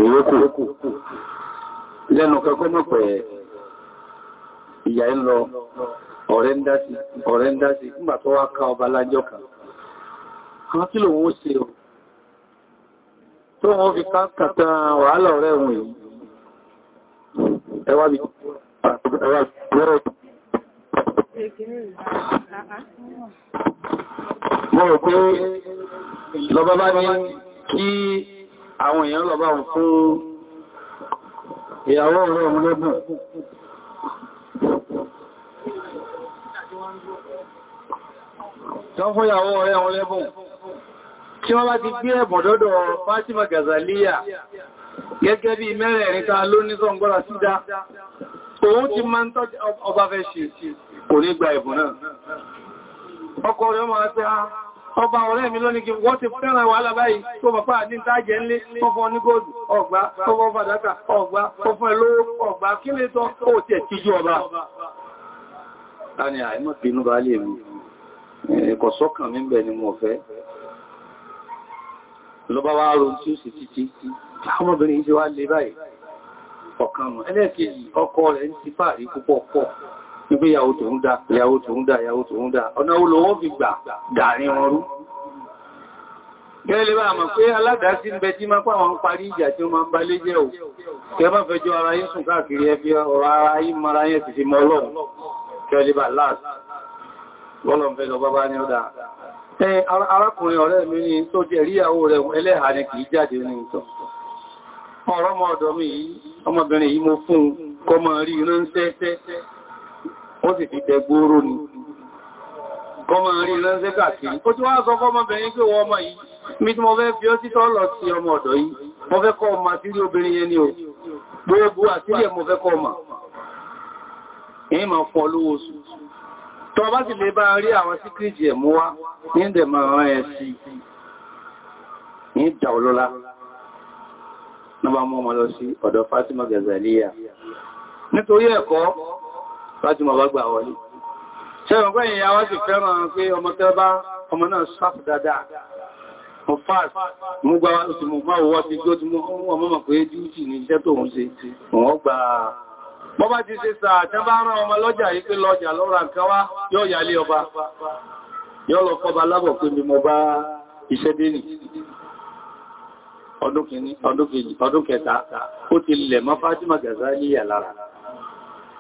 ìrókù lẹ́nu kẹ́kọ́ mọ̀ pẹ̀ ìyà ń lọ ọ̀rẹ́ ń dásí ọ̀rẹ́ ń dásí nígbà tó wá ká ọba lájọ́ kan kan kí lòun ó ṣe o tó wọ́n fi ká kàtà wàhálà ọ̀rẹ́ ohun èyí ẹwà bí ẹwà lọ́rọ̀ pé lọ́bá bá ní kí àwọn èèyàn lọ́bá fún ìyàwó ọ̀rọ̀ ọmọlẹ́bùn tán fún ìyàwó ọ̀rẹ́ ọmọlẹ́bùn tí wọ́n bá ti gbé ẹ̀bùn dọ́dọ̀ gẹ́gẹ́ bí ló ní sọ́ngbọ́ra sídá òun ti ń tọ́jú ọba fẹ́ ṣe kò ní gba ẹ̀bùn náà rẹ̀ ọba ọ̀rẹ́ mi lónìí kí wọ́n ti fẹ́ràn wàhálà báyìí tó bàbá ní ìtajẹ̀ ńlé ọfọ́ ní góòdù ọgbà ọfọ́ fàdákà ọgbà ọfọ́ ẹlówó ọgbà kí lè tọ́ ó ti ẹ̀ tíjú ọba tani àìmọ̀ bínú bá lè mú ẹ̀kọ̀ sọ́kàn mi bẹ̀ ni mo fẹ́ ló bá wá ro tí ó sì títí ọmọbìnrin tí wá lè báyìí ọkàn mọ̀ ẹlẹ́ẹ̀kejì ọkọ rẹ̀ ń ti fàárí púpọ̀ pọ̀ wípé ìyàwó tó ń dá ìyàwó tó ń dá ìyàwó tó ń dá ọ̀nà olówó fi gbà dàrin wọn rú gẹ́lẹ́ bá mọ̀ pé aládàásí ń bẹ tí máa pàwọn parí ìjà tí ó máa ń ara yín sùn káàkiri ẹbí ọ̀rọ̀ ara yín mara yẹn ti fi mọ́ ọlọ́run ọ̀dọ̀ mi yìí ọmọbìnrin wọ́n sì fi tẹgbóró ni kọmọ rí ránṣẹ́ káàkiri ó tí wọ́n sọ fọ́mọbìnrin pé wọ́n ọmọ yìí mi tí mo fẹ́ fi ó títọ́ lọ sí ọmọ ọ̀dọ̀ yìí mo fẹ́ kọ́ ọmọ àtírí obìnrin yẹn ni o gbogbo àtírí ẹ̀ mo fẹ́ kọ́ ọmọ èyí ma fọ́ lówó oṣù tó bá sì lè bá rí àwọn síkírìtì ẹ̀ mú wá ní ẹ̀ nítorí ẹ̀kọ́ láti mọ̀ bá gbà wọlé. Ṣẹ́rọ̀ pé ìyá wá sì fẹ́ràn pé ọmọ tẹ́ bá ọmọ náà sáfù dáadáa. Mo fàáṣ, mú gbá wá sí mú máa wọ́ ti jó ti mú ọmọ mọ̀ pé díútì ní iṣẹ́ tó ń ṣe, wọ́n gbà. Bọ́ bá ti ṣe sàá, tẹ́ bá rán ọmọ lọ́jà yìí pé lọ́jà lọ́ra nǹkan wá yóò yálé ọba. Yọ́ lọ kọba lábọ̀ pé Ọdún kẹta, ó ti lẹ̀ mọ́ Fátímà Gàzálì yà lára.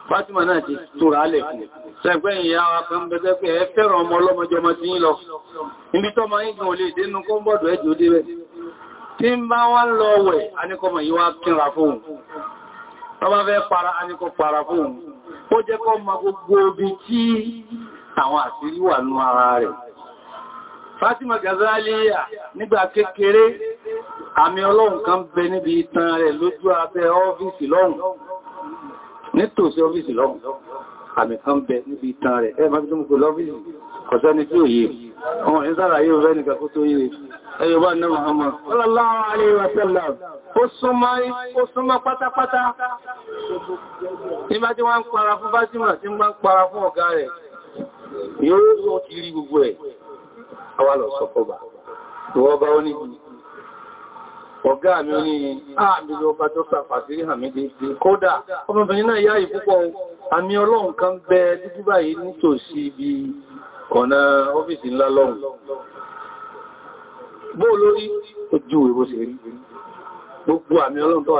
Fátímà náà ti tóra alẹ̀ fún. Ṣẹgbẹ́ ìyá wa kan bẹ́tẹ́ pé ẹ fẹ́ràn ọmọ ọlọ́mọjọmọ tí ń lọ. Ibi tọ́ ma ń gùn olè dénú kó ń bọ̀dọ̀ ẹjọ́ débẹ̀. Tí ń bá wá lọ wẹ̀, aníkọmọ̀ yíwá kínra fóun. Tọ́bá fẹ́ para, aníkọ para nítòsí ọ́fíìsì lọ́wọ́ àmì kan bẹ níbi ìtàn rẹ̀ ẹ máa fi tó mú kò lọ́fíìsì ni tí ò yìí ọmọ ìsára yóò fẹ́ nìkan kó tó yìí ẹyọba náà Muhammad sallallahu alaihi wasallam ó súnmọ́ pátápátá nígbà tí wọ́n ń para fún Fátímà ọ̀gá mi ó ní ààbìlú ọba tó sàfàtírí àmìdé kódà ọmọbìnrin náà yá púpọ̀ àmì ọlọ́run kan bẹ títí báyìí nítòsí ibi ọ̀nà ọ́fíìsì ńlá lọ́run bó lórí ojú ìwò sí rí gbogbo àmì ọlọ́run tó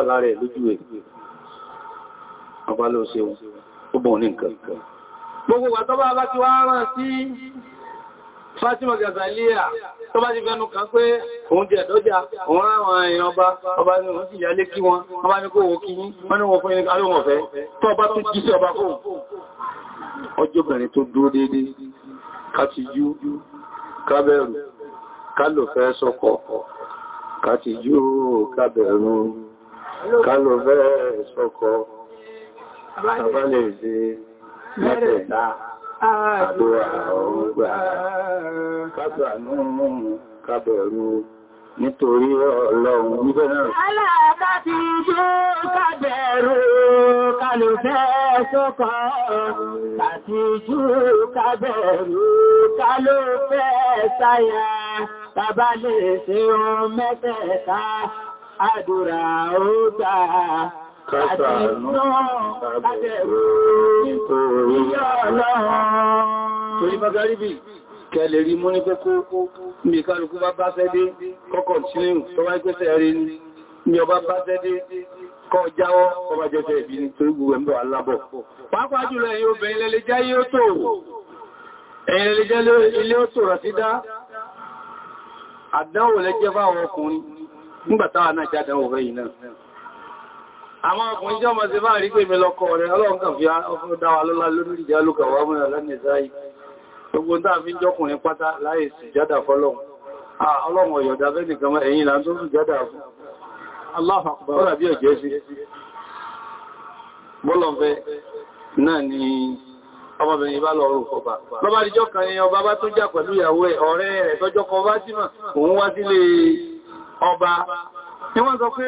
wà lójú Fátímà Gàzàlíà tó bá ti fẹ́nu kan pé òun jẹ́ ẹ̀dọ́jà, òun ráwọn èèyàn ọba, ọba ní òun sì yálé kí wọn, wọ́n bá ní kó wo kí yí, wọ́n ní wọ́n fún ẹni alóhùn ọ̀fẹ́, tó ọba tún jí sí ọba fóun. Ọjọ́ bẹ̀rẹ̀ tó dúró dédé, ká ti yú, ká bẹ̀rù, ká lò fẹ́ sọ́kọ̀, ká ti yú, ká bẹ̀rù, ká lò fẹ́ sọ́kọ̀, ká bá lè ṣe mẹ́tẹ̀ẹ̀ta àdúrà ọgbà kábàánú kábẹ̀rú nítorí ọlọ́run níbẹ̀ náà. Aláàká ti ṣe kábẹ̀rú kálùfẹ́ sọ́kọ́, àti ṣú kábẹ̀rú kálùfẹ́ sáyà, bàbá lè ṣe ohun mẹ́tẹ̀ẹ̀ta, àdúrà ó gbà. Kásàánú àbẹ̀wò nítorí ọlọ́run. Torí bá gáríbì, kẹlẹ̀ rí mú ní kókó, mi kálukú bá bá sẹ́dé, kọ́kọ̀ sínú, tó wáyé pẹ́sẹ̀ rí ní, mi ọba bá sẹ́dé, kọ́ jáwọ́, ọba jẹ́sẹ̀ ìbí ní torí gbogbo ẹ̀mọ́ alábọ̀. Pàápàá jùlọ ẹ̀yin obìnrin lẹ́lẹ́ jẹ́ yóò tó, àwọn ọkùnrin jọ́ máa ṣe bá rí pé mi lọ́kọ rẹ̀ ọlọ́run kàn fi ọkùnrin dáwà lọ́lá lórí ìjà lókàwà mọ́ ìrànlẹ́ ìzáyìí gbogbo dáa fi ń jọ́kùnrin pátá láì sì jádà fọ́lọ́run ọlọ́run ọ̀yọ̀dá bẹ́ẹ̀ nìkan mọ́ ẹ̀yìn ìlànà tó sì jádà Allah akbar ọ̀rọ̀ àbí ọ̀jẹ́ sí bọ́lọ̀fẹ́ náà ni ọmọbìnrin bá lọ rúkọ bá. Lọ́bá díjọ́ kan ni ọba bá tó jà pẹ̀lú ìyàwó ẹ̀ ọ̀rẹ́ rẹ̀ tọ́jọ́ kan bá símọ̀ òun wá sílé ọba. Ni wọ́n sọ pé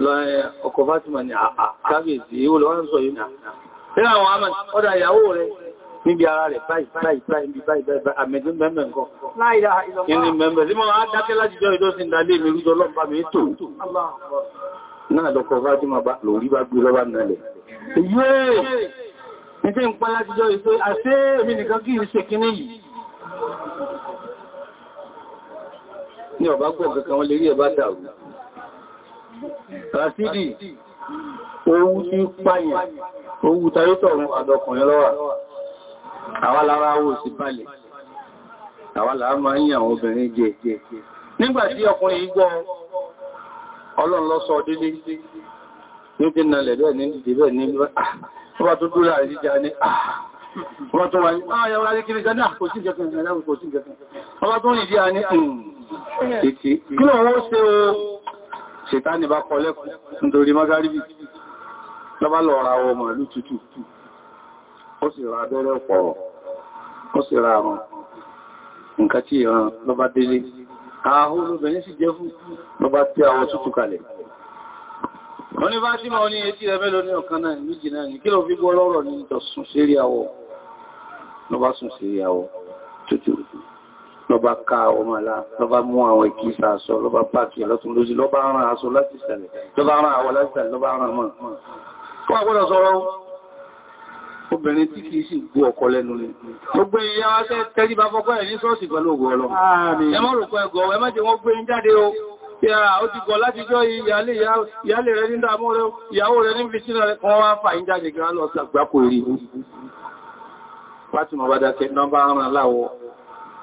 lọ́ẹ̀ ọkọ Fátímà ní àkábèsí ìwò lọ wọ́n sọ yìí náà. Nínú àwọn àmà ọdá ìyàwó rẹ̀ níbi ara rẹ̀ báyìí báyìí báyìí báyìí báyìí àmẹ́dún mẹ́mẹ́ nǹkan. Ìní mẹ́mẹ́ sí mọ́ á dákẹ́ lájíjọ́ ìdọ́sí ìdálé mi rújọ lọ́pàá mi tò. Náà lọ́kọ Fátímà bá lórí bá gbé lọ́bá nalẹ̀. Yéè! Ní tí ń pẹ́ lájíjọ́ ìpé Ràṣídì, owó tí pààyàn, owó tayétọ̀run àdọkùnrin lọ́wà. Àwa lára owó sí balẹ̀. Àwa lára máa ń yàn obìnrin jẹ. Nígbàtí ọkùnrin igbọ́ Ọlọ́run lọ sọ délé, ní ti nalẹ̀ bẹ́ẹ̀ ní ìdí bẹ́ẹ̀ ní ọba tó dúrà ìdíjà ní àà. Ọba tó wà ní, ah, yàwó lárí kiri gádà, kò sí ìjẹta ìrìnlẹ́ ṣètánì bá kọ lẹ́kùn nítorí mọ́gáríbì lọ́bá lọ ra ọmọ ìlú tútù ó sì ra abẹ́rẹ́ ọ̀pọ̀rọ̀ ó sì ra àrùn nǹkan tí ìran lọ́bá délé ààhó olóbìnrin sì jẹ́ fún lọ́bá tí àwọn tútù kalẹ̀ wọ́n ní bá tí ma ní etí rẹ̀ mẹ́lọ ní ọ̀kan náà méjì náà ní kí lọ fi gbọ́ lọ́rọ̀ ní lọba ká ọmọ àlá lọba mú àwọn ìkísà aṣọ lọba pàtì lọ́tún lósì lọba rán aṣọ láti ìsàlẹ̀ lọba rán àwọ̀ láti ìsàlẹ̀ lọba rán mọ́ fún àgbọ́dọ̀ sọ̀rọ̀ obìnrin tí kìí sì gbọ́ ọkọ lẹ́nu ni gbogbo ìyá wá tẹ́ tẹ́rí bá fọ́kọ́ ẹ̀ ní sọ́ọ̀sì pẹ̀lú ògbò ọlọ́run ẹ mọ́ rò pẹ́ gọ́ ẹ má jẹ́ wọ́n gbé ń jáde o ó ti gọ̀ láti jọ ìyálé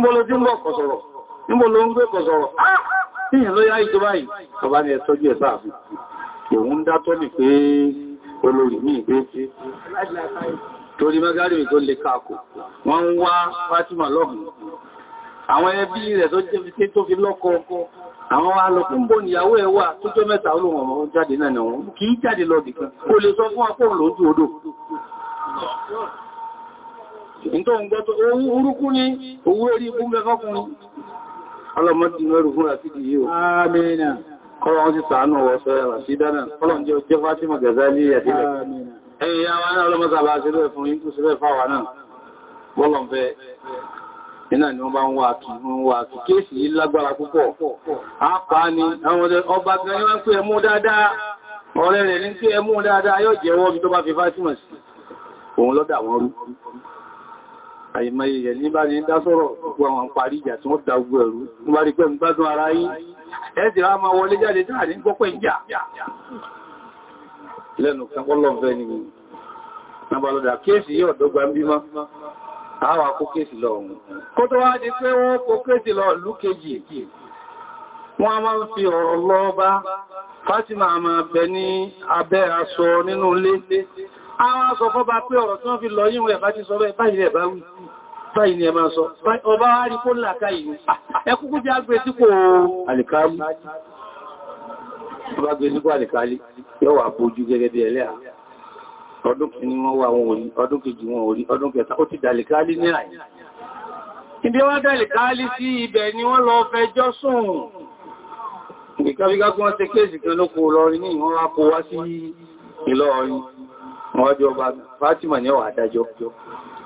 níbo ló ti ń bọ̀ kọ̀sọ̀rọ̀ níbo ló ń ni ẹ̀tọ́jú ẹ̀ sáà fi òun ń dátọ́ ní pé olórí ní ìgbé tí torí mẹ́gárìmì tó lè káàkò wọ́n ń wá Fátímà lọ́hùn àwọn ẹbí rẹ̀ tó jẹ́ tó fi lọ́kọ àwọn alọ́kúnbò níyàwó ẹ̀ wà tó jẹ́ mẹ́ta olóhùn ọmọ jáde náà tó ń gbọ́tọ̀ ohun orúkú ní owó erí ikú mẹ́fọ́kùnrin ọlọ́mọdé mẹ́rù fún àti ìyí o amina kọ́lọ̀ wọ́n ti sàánù ọ̀sọ̀ ẹ̀rọ sí dáná kọ́lọ̀ jẹ́ jẹ́ Fátímà Gàzálì àdílẹ̀ ẹ̀yìn àwọn náà ọlọ́mọsàbà sílẹ̀ fún yínkú sílẹ̀ fáwà náà bọ́lọ̀ fẹ́ iná ni wọ́n bá ń wà kí wọ́n wà kí kéèsì yìí lágbára púpọ̀ àpá ni àwọn ọba kan ní wọ́n pé ẹmú dáadáa ọ̀rẹ́ rẹ̀ ní pé ẹmú dáadáa yóò jẹ́wọ́ bí tó bá fi Fátímà sí òun lọ́dà wọn rú àìmọye yẹ̀ ní bá ní ń dá sọ̀rọ̀ gbogbo àwọn parí ìjà tí wọ́n da ogun ẹ̀rú ní bá rí pẹ́ ń gbádùn ara yí ẹ̀ẹ́dì rá máa wọlé jáde táà ní gbọ́pẹ́ ìjà lẹ́nu kankanlọ́fẹ́ ni nàbàlọ́dà kéèsì yóò dọ́gba ń bímọ́ àwà kó kéèsì lọ ọ̀hún kó tó wá di pé wọ́n kó kéèsì lọ ìlú kejì wọ́n máa ń fi ọ̀rọ̀ lọ bá Fátímà máa bẹ ní abẹ́ aṣọ nínú ilé àwọn aṣọ fọ́ba pé ọ̀rọ̀ tí wọ́n fi lọ yíwọ̀n ẹ̀bá ti sọ bẹ́ẹ̀ báyìí ẹ̀bá wí báyìí ni ẹ máa sọ ọba rí kó làkà ìlú ẹkùkú jẹ́ agbé tí kò àlìkálí ọba gbé tí kò àlìkálí yóò wà bójú gẹ́gẹ́ bí ẹlẹ́à ọdún kìíní wọ́n wà wọn orí ọdún kejì wọn orí ọdún kẹta ó ti dàlìkálí ní àyí ibi wọ́n ni wọ́n lọ fẹjọ́ sùn ìkàbíká kí wọ́n ṣe Fátímà ní ọ̀wà adájọ́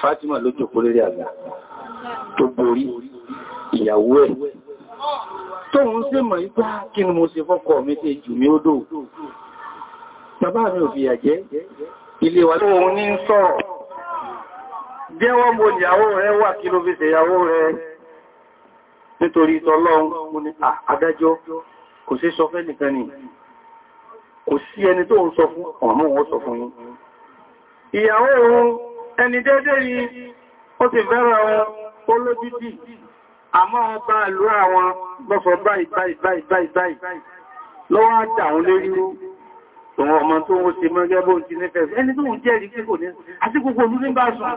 Fátímà ló jòkó lórí àgbà tó borí ìyàwó ẹ̀ tóhun sí mọ̀ ipá ah, kí ni mo ṣe fọ́kọ mi tí jù mí ó dò bàbá mi ò fi yàjẹ́ ilé wa tóhun ní sọ jẹ́wọ́ mo ìyàwó rẹ̀ wà kí ló fi ṣe ìyàwó nítorí tọ́lọ́run ah, ni kò sí ìyàwó òun ẹni dédé ni ó ti fẹ́ràn olójútì àmọ́ ọba ìlú àwọn gbọ́sọ̀ báyìí báyìí báyìí báyìí lọ́wọ́ àjà òun lérí òun ọmọ tó ń ṣe mọ́gẹ́ bó ti nífẹ̀ẹ́ ẹni tó ń jẹ́ rí kíkò ní àti gbogbo olú nígbà sùn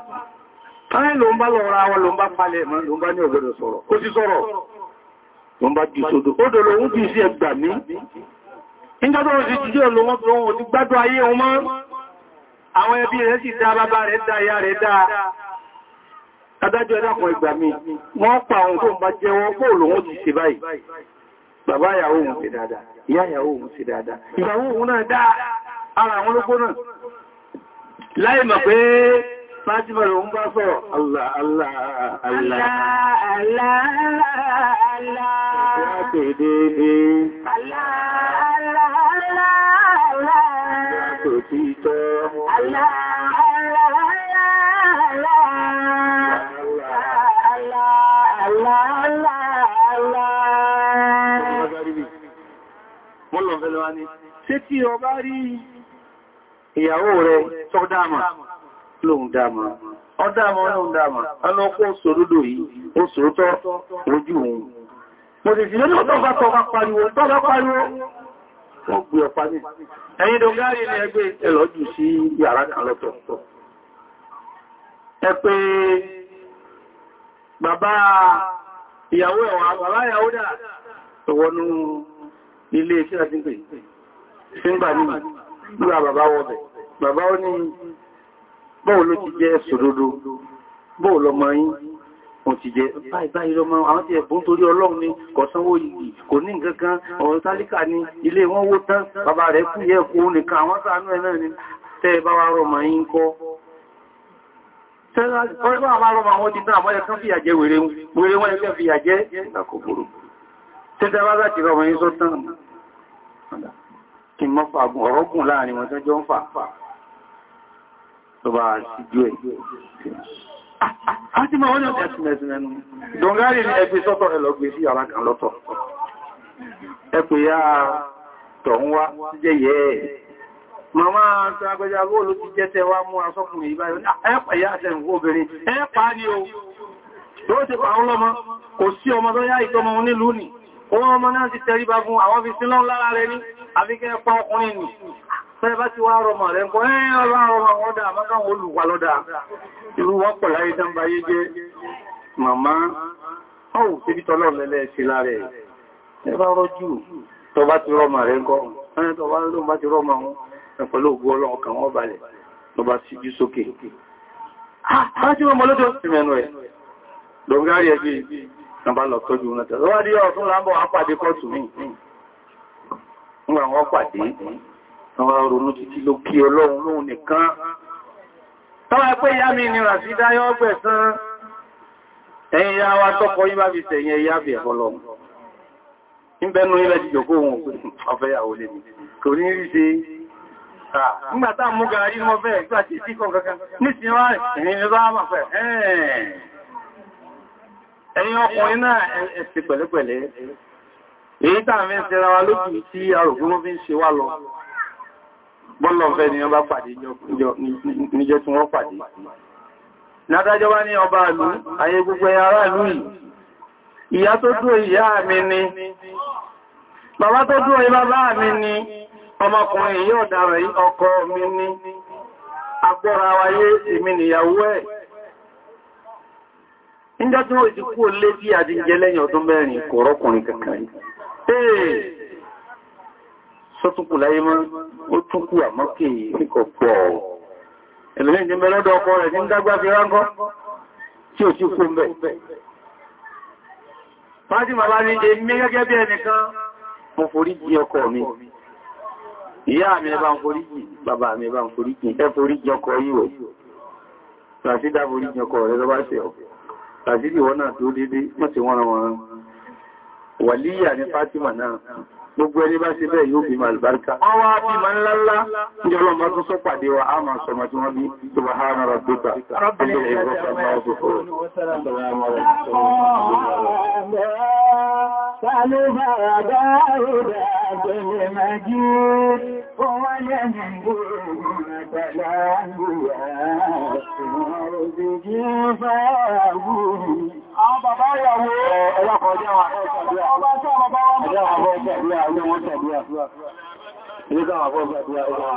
káyẹ̀ ló ń bá lọ́ra wọn ló ń bá palẹ̀ mọ́ ló ní bá jù àwọn ẹbí rẹ̀ sì dá bàbá rẹ̀ dá ìyá rẹ̀ dá adájọ́ ẹ̀dàkùn ìgbà mi wọ́n pa àwọn tó ń bá jẹ́wọ́ bóòlù wọn ti ṣe báyìí bàbá ìyàwó òun ṣe dáadáa ìyá ìyàwó òun ṣe dáadáa ìyàwó òun náà dá ara àwọn olóko náà láì mọ̀ pé Fájímọ̀ lòun bá sọ̀rọ̀ Allah Allah Allah Allah Allah Allah òtítọ́. ìyàwó rẹ̀ tọ́ dáàmà lóhun dáàmà. lóhun dáàmà, yìí, ojú òun. Mo sì sí lórí bá tọ́ bá pariwo, tọ́ bá pariwo, wọ́n pé ọpá ní ẹ̀yìn dọ̀gárì ní ẹgbẹ́ ẹlọ́jù sí yàrá àlọ́tọ̀ ẹ pé bàbá ìyàwó ẹ̀wà bàbá ìyàwó dà wọnú ilé iṣẹ́ àti pè ṣíngbà ní gbúra bàbá wọ́bẹ̀ bàbá ó ní bọ́ọ̀ ló ti jẹ́ sòdodo bọ́ọ̀ wọ́n ti jẹ báyìí báyìí lọ́mọ àwọn tí ẹ̀bùn torí ọlọ́run ni kò sanwó yìí kò ní nǹkankan ọ̀rọ̀ tálíkà ni ilé wọn wó tán bàbá rẹ̀ kú yẹ kú nìkan àwọn ṣàánú ẹ̀ náà ni tẹ́ bá wá rọmọ yín kọ́ ń fà. Tó àti ma wọ́n ẹ̀sì mẹ́sì mẹ́nu dọ̀ngárì ní ẹgbẹ́ sọ́tọ̀ ẹlọ́gbẹ́ sí ara kan lọ́tọ̀ ẹ̀pẹ̀ ya tọ̀hún wá jẹ́ yẹ́ ẹ̀ màmá àtàgbẹ́jà góòlù ti jẹ́ tẹwà mú asọ́kùnrin ìbáyọ̀ ẹ̀pẹ̀ ya àtẹ̀wò obìnrin ẹ̀pà o tó ti pa àwọn ọmọ kò sí ọmọ tó yá ìtọ́mọ nílùú ni ó ọmọ náà ti Tẹ́ẹ̀bá ti wá rọmọ rẹ̀ kọ́ ẹ́ ọlá ọmọ ọdá àmọ́gá olùwà lọ́dá. Irú wọ́n pọ̀ láyé tán báyé jẹ́ màmá, ọ̀hù tí bí tọ́lọ̀ lẹ́lẹ́ sí láàrẹ̀. Tẹ́ẹ̀bá rọ́jú tọba ti rọmọ rẹ̀ kọ́, ẹ́ tọba ló bá ti rọmọ wọn, ẹ̀pọ̀lú ògbó ọlọ́run kan wọ́n balẹ̀, tọba sí jú sókè. Ha ti rọmọ lọ́jọ́ sí mẹ́nu ẹ̀. Dọ̀gárí ẹgbẹ́ nàbá lọ tọ́jú náà tẹ́lọ́wádìí ọ̀tún lábọ̀ àpàdé kọ́tù mí. Ngbà wọ́n pàdé àwọn ronú títí ló kí ọlọ́run lóhun nìkan tọ́wà pé ìyá mi ni rà sí dáyọ́ gbẹ̀sán ẹ̀yìn ya wa tọ́kọ yí bá fi tẹ̀yìn ẹ̀yà bẹ̀ ọlọ́run níbẹ̀nú ilẹ̀ jìjọkó ohun ọ̀fẹ́yàwó lè kò ní rí ṣe nígbàtà mú gàrí mọ́ bẹ́ẹ̀ nígbà tí sí kan kankan nísìn wá ẹ̀yìn ló bá èyí tàà mẹ́sẹ̀ wa lókùn tí arògún ló fi ń ṣe wá lọ bọ́lọ̀fẹ́ ni wọ́n bá pàdé níjọ́ tí wọ́n pàdé. Ládájọ́ ní ọba àlú, ayé gbogbo ará ìlú yìí. Ìyá tó dúró ìyá mi ni, bàbá tó dúró mi ni, ọmọkùnrin yóò dára ọkọ mi ni, agbọ́ra wáyé èmi nìyàwó ẹ̀. Ee! sọ́túnkù láyé mọ́ ó túnkù àmọ́kè kíkọ̀ pọ̀ ẹ̀lẹ́yìn jẹ́ mẹ́lọ́dọ̀ ọkọ rẹ̀ ní dágbà fi ránkọ́ tí ò sí kó mẹ́ fájímà bá ní èmi gẹ́gẹ́ bí ẹnìkan mo forí jì ọkọ mi ìyá mi ẹ bá ń forí jì bàbá mi ẹ bá ń forí jì ẹ forí jì ọkọ yíò ràṣídà forí jì ọkọ rẹ̀ lọ́bá ṣe ọ̀ ràṣídì wọ́n náà tó dédé mọ́ sí wọ́n wọn wàlíyà ní fátímà náà gbogbo ẹni bá ṣe bẹ́ẹ̀ yóò bí ma albarka ọwá bí ma ńlá ní ọlọ́mọ tó sọ pàdé wa a máa sọmọ tí wọ́n bí subhana rabbika rabbil izzati amma yasifun Sálúbà àwọn bàbá ìyàwó ọlọ́pàá ọjọ́ àwọn àfẹ́ ọba tí àwọn bàbá wọn